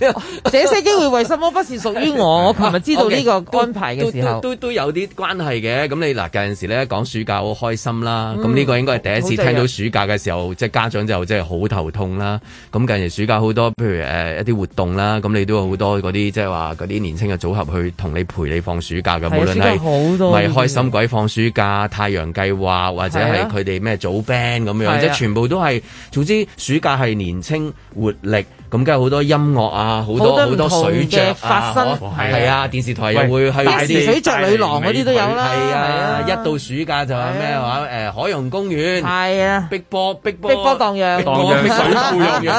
㗎。這些機會為什麼不是屬於我？我琴日知道呢。 友個安排嘅時候都都，都有啲關係嘅。咁你嗱，有陣時咧，講暑假好開心啦，咁呢個應該係第一次聽到暑假嘅時候，嗯、即係家長就即係好頭痛啦。咁近年暑假好多，譬如誒、呃、一啲活動啦，咁你都有好多嗰啲即係話嗰啲年青嘅組合去同你陪你放暑假嘅，無論係咪開心鬼放暑假，太陽計劃或者係佢哋咩組 band 咁樣，即全部都係。總之暑假係年青活力，咁梗係好多音樂啊，好多好多水仗啊，係啊、哦，電視台。又會係啲水着女郎嗰啲都有啦，係啊，啊，啊！一到暑假就係咩話誒？海洋公園係啊，碧波碧波碧波盪漾，水庫遊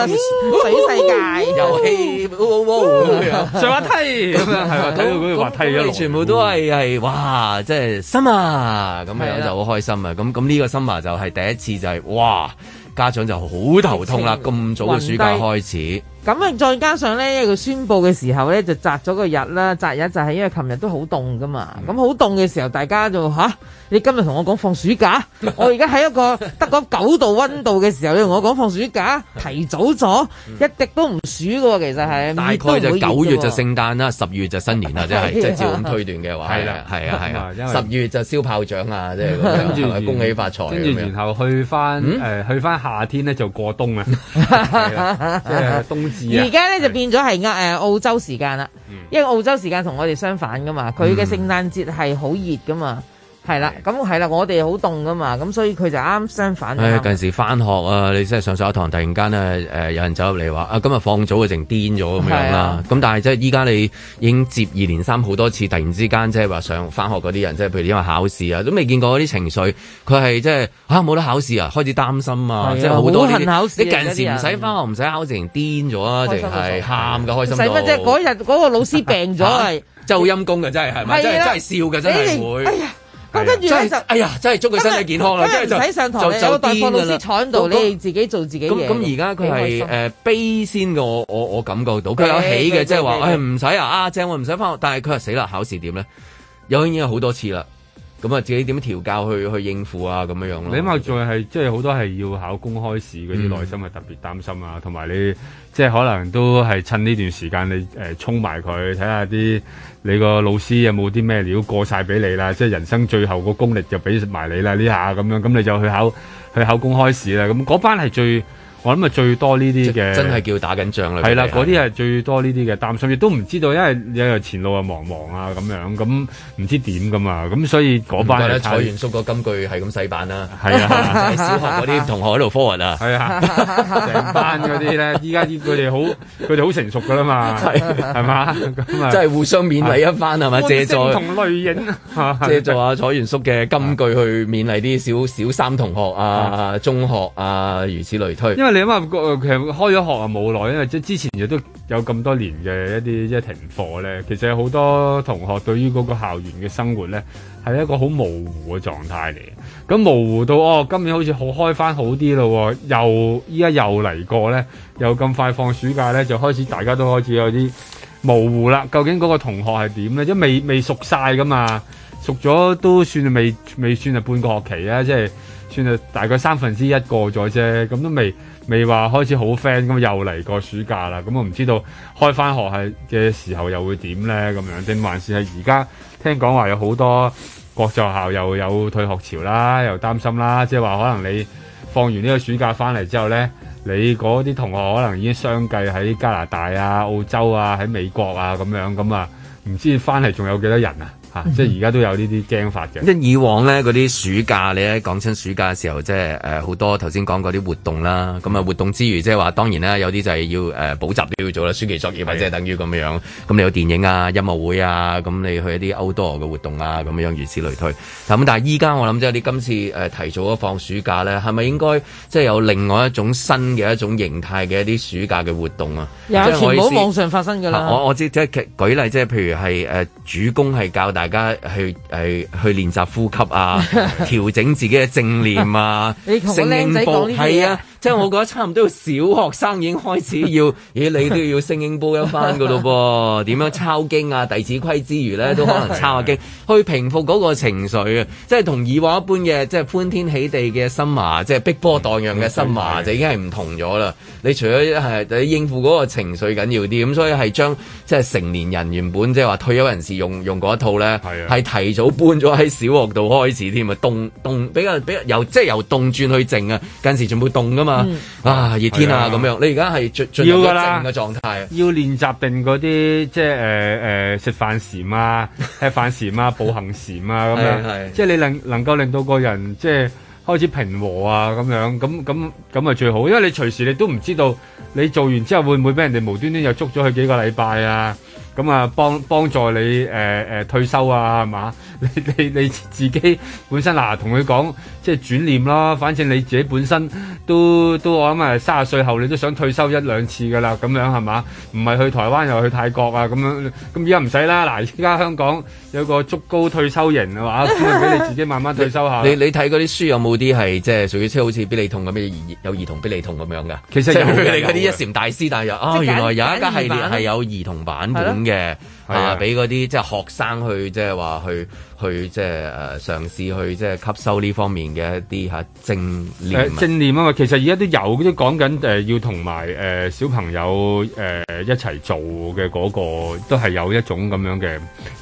水世界遊戲，哦哦哦啊，上滑梯咁樣係話睇到嗰啲滑梯全部都係係哇！即係 summer 咁樣就好開心啊！咁咁呢個 summer 就係第一次就係哇！家長就好頭痛啦！咁早嘅暑假開始。咁啊，再加上咧，因為佢宣布嘅時候咧，就擇咗個日啦，擇日就係因為琴日都好凍噶嘛。咁好凍嘅時候，大家就吓、啊，你今日同我講放暑假， 我而家喺一個得嗰九度溫度嘅時候，你同我講放暑假，提早咗、嗯、一滴都唔暑㗎喎。其實係、嗯嗯、大概就九月就聖誕啦，十月就新年啦，即係即係照咁推斷嘅話，係啦，係啊，係啊，十、啊啊、月就燒炮仗啊，即係咁樣，恭、就是那個就是那個、喜發財。跟住然後去翻誒、嗯呃、去翻夏天咧，就過冬啊， 冬。而家咧就變咗係亞澳洲時間啦，因為澳洲時間同我哋相反㗎嘛，佢嘅聖誕節係好熱㗎嘛。係啦，咁係啦，我哋好凍㗎嘛，咁所以佢就啱相反。誒、哎，近時返學啊，你即係上首上堂，突然間啊，誒有人走入嚟話啊，今日放早啊，成癲咗咁樣啦。咁但係即係依家你已經接二連三好多次，突然之間即係話上返學嗰啲人，即係譬如因為考試啊，都未見過啲情緒，佢係即係嚇冇得考試啊，開始擔心啊，即係好多啲、啊。你近時唔使返學，唔使考試，成癲咗啊，定係喊㗎，開心使翻即係嗰日嗰個老師病咗係、啊啊。真係好陰功㗎，真係係咪？真係笑㗎，真係會。哎跟住 就，哎呀，真係祝佢身體健康啦！跟住就唔使上堂就，咧有啲，老師坐喺度，你哋自己做自己嘢。咁咁而家佢係誒悲先嘅，我我我感覺到。佢有起嘅，即係話，誒唔使啊，啊正，我唔使翻學。但係佢話死啦，考試點咧？有已經有好多次啦。咁啊，自己點調教去去應付啊咁樣樣咯。你起碼仲係即係好多係要考公開試嗰啲，內心係特別擔心啊。同、嗯、埋你即係可能都係趁呢段時間你、呃沖看看，你誒埋佢，睇下啲你個老師有冇啲咩料過晒俾你啦。即係人生最後個功力就俾埋你啦呢下咁樣，咁你就去考去考公開試啦。咁嗰班係最。我諗咪最多呢啲嘅，真係叫打緊仗啦。係啦，啊，嗰啲係最多呢啲嘅，擔心亦都唔知道，因為有前路忙忙啊茫茫啊咁樣，咁唔知點㗎嘛，咁所以嗰班。唔怪得彩元叔嗰金句係咁洗版啦。係啊，啊啊啊啊小學嗰啲同學喺度 forward 啊。係啊，成班嗰啲咧，依家佢哋好，佢哋好成熟噶啦嘛，係嘛，咁啊，真係，就是啊，互相勉勵一番啊係咪？借助同類型啊，藉，啊啊，助阿、啊、彩元叔嘅金句去勉勵啲小小三同學啊，啊啊中學啊，如此類推。你諗下，其實開咗學啊冇耐，因為即係之前亦都有咁多年嘅一啲一停課咧。其實好多同學對於嗰個校園嘅生活咧，係一個好模糊嘅狀態嚟。咁模糊到哦，今年好似好開翻好啲咯，又依家又嚟過咧，又咁快放暑假咧，就開始大家都開始有啲模糊啦。究竟嗰個同學係點咧？即係未未熟晒噶嘛？熟咗都算係未未算係半個學期啊，即係算係大概三分之一過咗啫，咁都未。未話開始好 friend 咁，又嚟個暑假啦。咁我唔知道開翻學係嘅時候又會點呢？咁樣，定還是係而家聽講話有好多國際學校又有退學潮啦，又擔心啦。即係話可能你放完呢個暑假翻嚟之後呢，你嗰啲同學可能已經相繼喺加拿大啊、澳洲啊、喺美國啊咁樣，咁啊唔知翻嚟仲有幾多人啊？啊、即係而家都有呢啲驚法嘅，嗯嗯。即以往咧，嗰啲暑假，你喺講親暑假嘅時候，即係好多頭先講嗰啲活動啦。咁啊，活動之餘，即係話當然啦，有啲就係要誒補習都要做啦，暑期作業或者等於咁樣。咁、嗯、你有電影啊、音樂會啊，咁、嗯、你去一啲 outdoor 嘅活動啊，咁樣如此類推。咁但係依家我諗即係啲今次提早咗放暑假咧，係咪應該即係有另外一種新嘅一種形態嘅一啲暑假嘅活動啊？有時冇網上發生㗎啦。我我，我即係舉例，即係譬如係、呃、主公係教。大家去誒去練習呼吸啊，調整自己嘅正念啊，靚仔講呢啲啊。即 係我覺得差唔多小學生已經開始要， 咦？你都要聖經背一番嘅咯噃？點 樣抄經啊？弟子規之餘咧，都可能抄下經 去平復嗰情緒啊！即係同以往一般嘅，即係歡天喜地嘅心嘛即係碧波蕩漾嘅心嘛就已經係唔同咗啦。你除咗係應付嗰情緒緊要啲，咁所以係將即係成年人原本即係話退休人士用用嗰一套咧，係提早搬咗喺小學度開始添啊！動動比較比較由即係、就是、由動轉去靜啊！近時全部凍咁。嘛、嗯，啊，熱天啊咁、啊、樣，你而家係進進入入靜嘅狀態，要練習定嗰啲即係誒誒食飯禪啊，吃飯禪啊，步 行禪啊咁樣，是是是即係你能能夠令到個人即係開始平和啊咁樣，咁咁咁啊最好，因為你隨時你都唔知道你做完之後會唔會俾人哋無端端又捉咗去幾個禮拜啊，咁啊幫幫助你誒誒、呃呃、退休啊，係嘛？你你你自己本身嗱，同佢講即係轉念啦。反正你自己本身都都，我諗啊，卅歲後你都想退休一兩次噶啦，咁樣係嘛？唔係去台灣又去泰國啊，咁樣咁而家唔使啦。嗱，而家香港有個足高退休型嘅話，俾你自己慢慢退休下 你。你你睇嗰啲書有冇啲係即係，屬於好似俾你痛咁咩？兒有兒童俾你痛咁樣噶。其實有佢哋嗰啲一禪大師大約，但係啊，原來有一個系列係有兒童版本嘅。啊！俾嗰啲即係學生去，即係話去去，去即係誒嘗試去即係吸收呢方面嘅一啲吓、啊、正念、啊、正念啊嘛，其實而家都有啲講緊誒，要同埋誒小朋友誒、呃、一齊做嘅嗰、嗰個，都係有一種咁樣嘅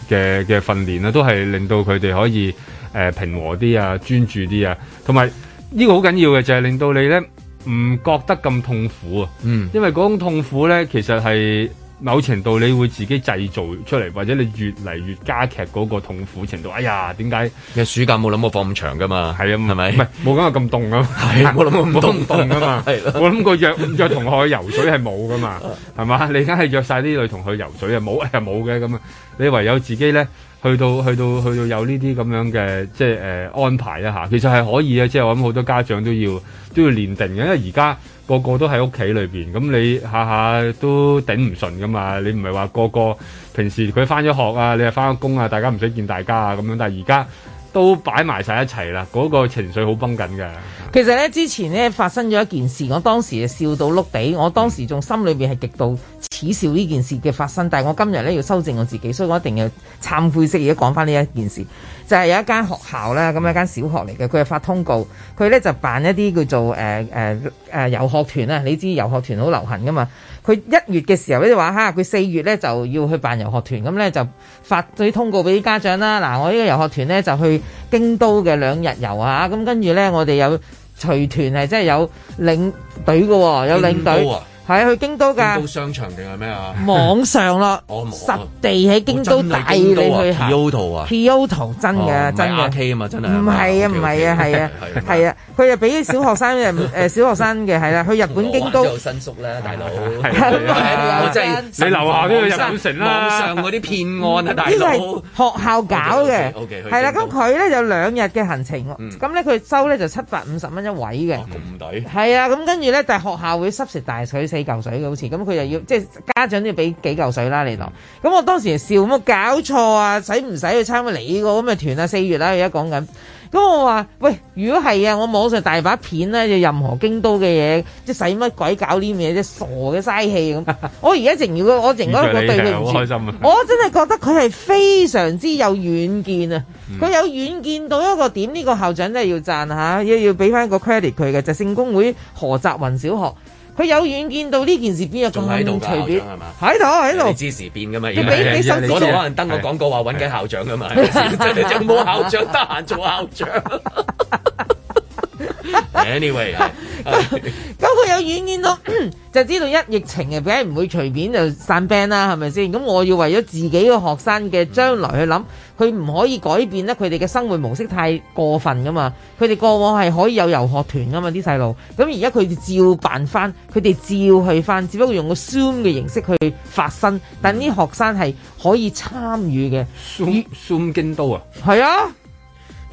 嘅嘅訓練啦，都係令到佢哋可以誒、呃、平和啲啊，專注啲啊，同埋呢個好緊要嘅就係令到你咧唔覺得咁痛苦啊。嗯，因為嗰種痛苦咧，其實係。某程度你會自己製造出嚟，或者你越嚟越加劇嗰個痛苦程度。哎呀，點解？你暑假冇諗過放咁長噶嘛？係啊，係咪？唔係冇諗過咁凍嘛？係，冇諗過咁凍唔凍啊？嘛，我 諗過約約同學去游水係冇噶嘛，係 嘛？你梗係約晒啲女同學去游水啊，冇係冇嘅咁啊！你唯有自己咧，去到去到去到有呢啲咁樣嘅即係誒、呃、安排一下，其實係可以啊，即係我諗好多家長都要都要練定嘅，因為而家。個個都喺屋企裏面，咁你下下都頂唔順㗎嘛？你唔係話個個平時佢返咗學啊，你又返咗工啊，大家唔使見大家啊咁樣，但係而家。都擺埋晒一齊啦，嗰個情緒好繃緊嘅。其實呢，之前呢發生咗一件事，我當時就笑到碌地，我當時仲心裏面係極度恥笑呢件事嘅發生。但係我今日呢要修正我自己，所以我一定要懺悔式而家講翻呢一件事，就係有一間學校啦，咁一間小學嚟嘅，佢係發通告，佢呢就辦一啲叫做誒誒誒遊學團啊，你知遊學團好流行噶嘛。佢一月嘅時候咧就話嚇，佢四月呢就要去辦遊學團，咁呢，就發啲通告俾啲家長啦。嗱，我呢個遊學團呢，就去京都嘅兩日遊嚇，咁跟住呢，我哋有隨團係真係有領隊㗎喎，有領隊。係啊，去京都㗎，京都商場定係咩啊？網上咯，實地喺京都帶你去。P.O.T.O. 啊，P.O.T.O. 真嘅真嘅，唔係 K 啊嘛，真係唔係啊，唔係啊，係啊，係啊，佢又俾啲小學生人誒小學生嘅係啦，去日本京都。有新宿啦，大佬，即係你樓下都去日本城啦。網上嗰啲騙案啊，大佬，呢個係學校搞嘅。O.K. 係啦，咁佢咧有兩日嘅行程，咁咧佢收咧就七百五十蚊一位嘅。咁唔抵。係啊，咁跟住咧，但係學校會濕食大水。四嚿水嘅好似，咁佢就要即係家長都要俾幾嚿水啦。你當，咁我當時笑乜搞錯啊？使唔使去參加你呢個咁嘅團啊？四月啦、啊，而家講緊，咁我話喂，如果係啊，我網上大把片啦，有任何京都嘅嘢，即係使乜鬼搞呢啲嘢，即傻嘅嘥氣咁。我而家如要，我仲要個對比住，我真係覺得佢係非常之有遠見啊！佢、嗯、有遠見到一個點呢、這個校長真係要讚吓，要要俾翻個 credit 佢嘅，就聖公會何澤云小學。佢有遠見到呢件事，邊有咁隨便喺度喺度？知你知時變噶嘛？俾，俾手機度可能登個廣告話，揾緊校長噶嘛？有冇校長得閒 做校長？ Anyway，咁 佢有遠件遠見咯，就知道一疫情啊，梗唔會隨便就散班啦，係咪先？咁我要為咗自己嘅學生嘅將來去諗，佢唔可以改變得佢哋嘅生活模式太過分噶嘛。佢哋過往係可以有遊學團噶嘛，啲細路。咁而家佢哋照辦翻，佢哋照去翻，只不過用個 Zoom 嘅形式去發生。但呢啲學生係可以參與嘅 Zoom Zoom 京都啊，係 啊。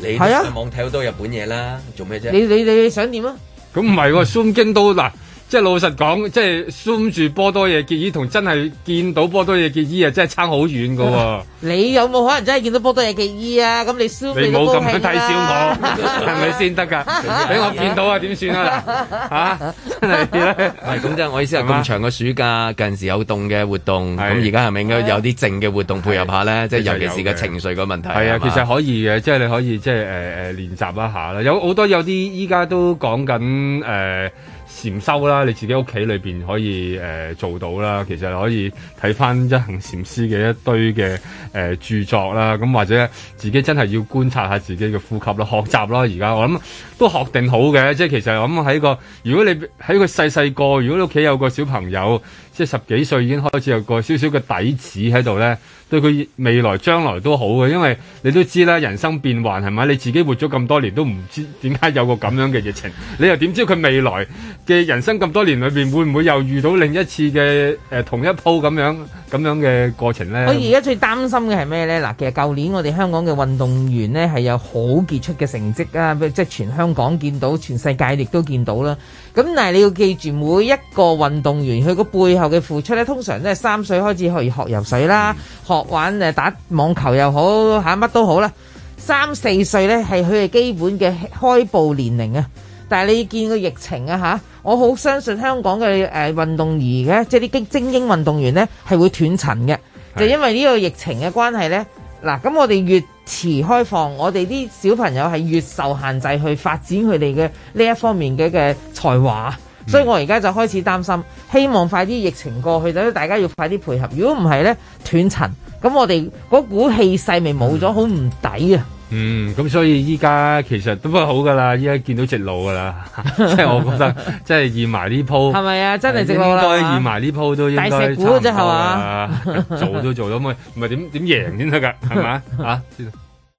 你都上網睇好多日本嘢啦，做咩啫？你你你想點啊？咁唔係喎，孫京都嗱。 即係老實講，即係 zoom 住波多野結衣同真係見到波多野結衣啊，真係差好遠㗎喎。你有冇可能真係見到波多野結衣啊？咁你 zoom 你冇咁樣睇笑我係咪先得㗎？俾 我見到啊，點 算啊？嗱，真係啦，係咁我意思係咁長嘅暑假，近時有動嘅活動，咁而家係咪應該有啲靜嘅活動配合下咧？即係尤其是個情緒嘅問題。係啊，其實可以嘅，即係你可以即係誒誒練習一下啦。有好多有啲依家都講緊誒。呃禪修啦，你自己屋企裏邊可以誒、呃、做到啦。其實可以睇翻一行禪師嘅一堆嘅誒、呃、著作啦。咁或者自己真係要觀察下自己嘅呼吸啦，學習啦。而家我諗都學定好嘅。即係其實我諗喺個，如果你喺個細細個，如果你屋企有個小朋友。即係十幾歲已經開始有個少少嘅底子喺度呢，對佢未來將來都好嘅，因為你都知啦，人生變幻係咪？你自己活咗咁多年都唔知點解有個咁樣嘅疫情，你又點知佢未來嘅人生咁多年裏邊會唔會又遇到另一次嘅誒、呃、同一鋪咁樣咁樣嘅過程呢？我而家最擔心嘅係咩呢？嗱，其實舊年我哋香港嘅運動員呢係有好傑出嘅成績啊，即係全香港見到，全世界亦都見到啦。咁但係，你要記住每一個運動員佢個背後嘅付出咧，通常都係三歲開始可以學游水啦，學玩誒打網球又好嚇，乜都好啦。三四歲咧係佢嘅基本嘅開步年齡啊。但係你見個疫情啊嚇，我好相信香港嘅誒運動員嘅，即係啲精精英運動員咧係會斷層嘅，就因為呢個疫情嘅關係咧。嗱，咁我哋越遲開放，我哋啲小朋友係越受限制去發展佢哋嘅呢一方面嘅嘅才華，嗯，所以我而家就開始擔心，希望快啲疫情過去，等大家要快啲配合。如果唔係呢，斷層，咁我哋嗰股氣勢咪冇咗，好唔抵啊！嗯，咁所以依家其實都係好噶啦，依家見到直路噶啦，即係我覺得即係現埋呢鋪，係咪啊？真係直路啦，應該現埋呢鋪都應該大食股嘅啫係嘛， 做都做到咪，唔係點點贏先得㗎？係咪啊？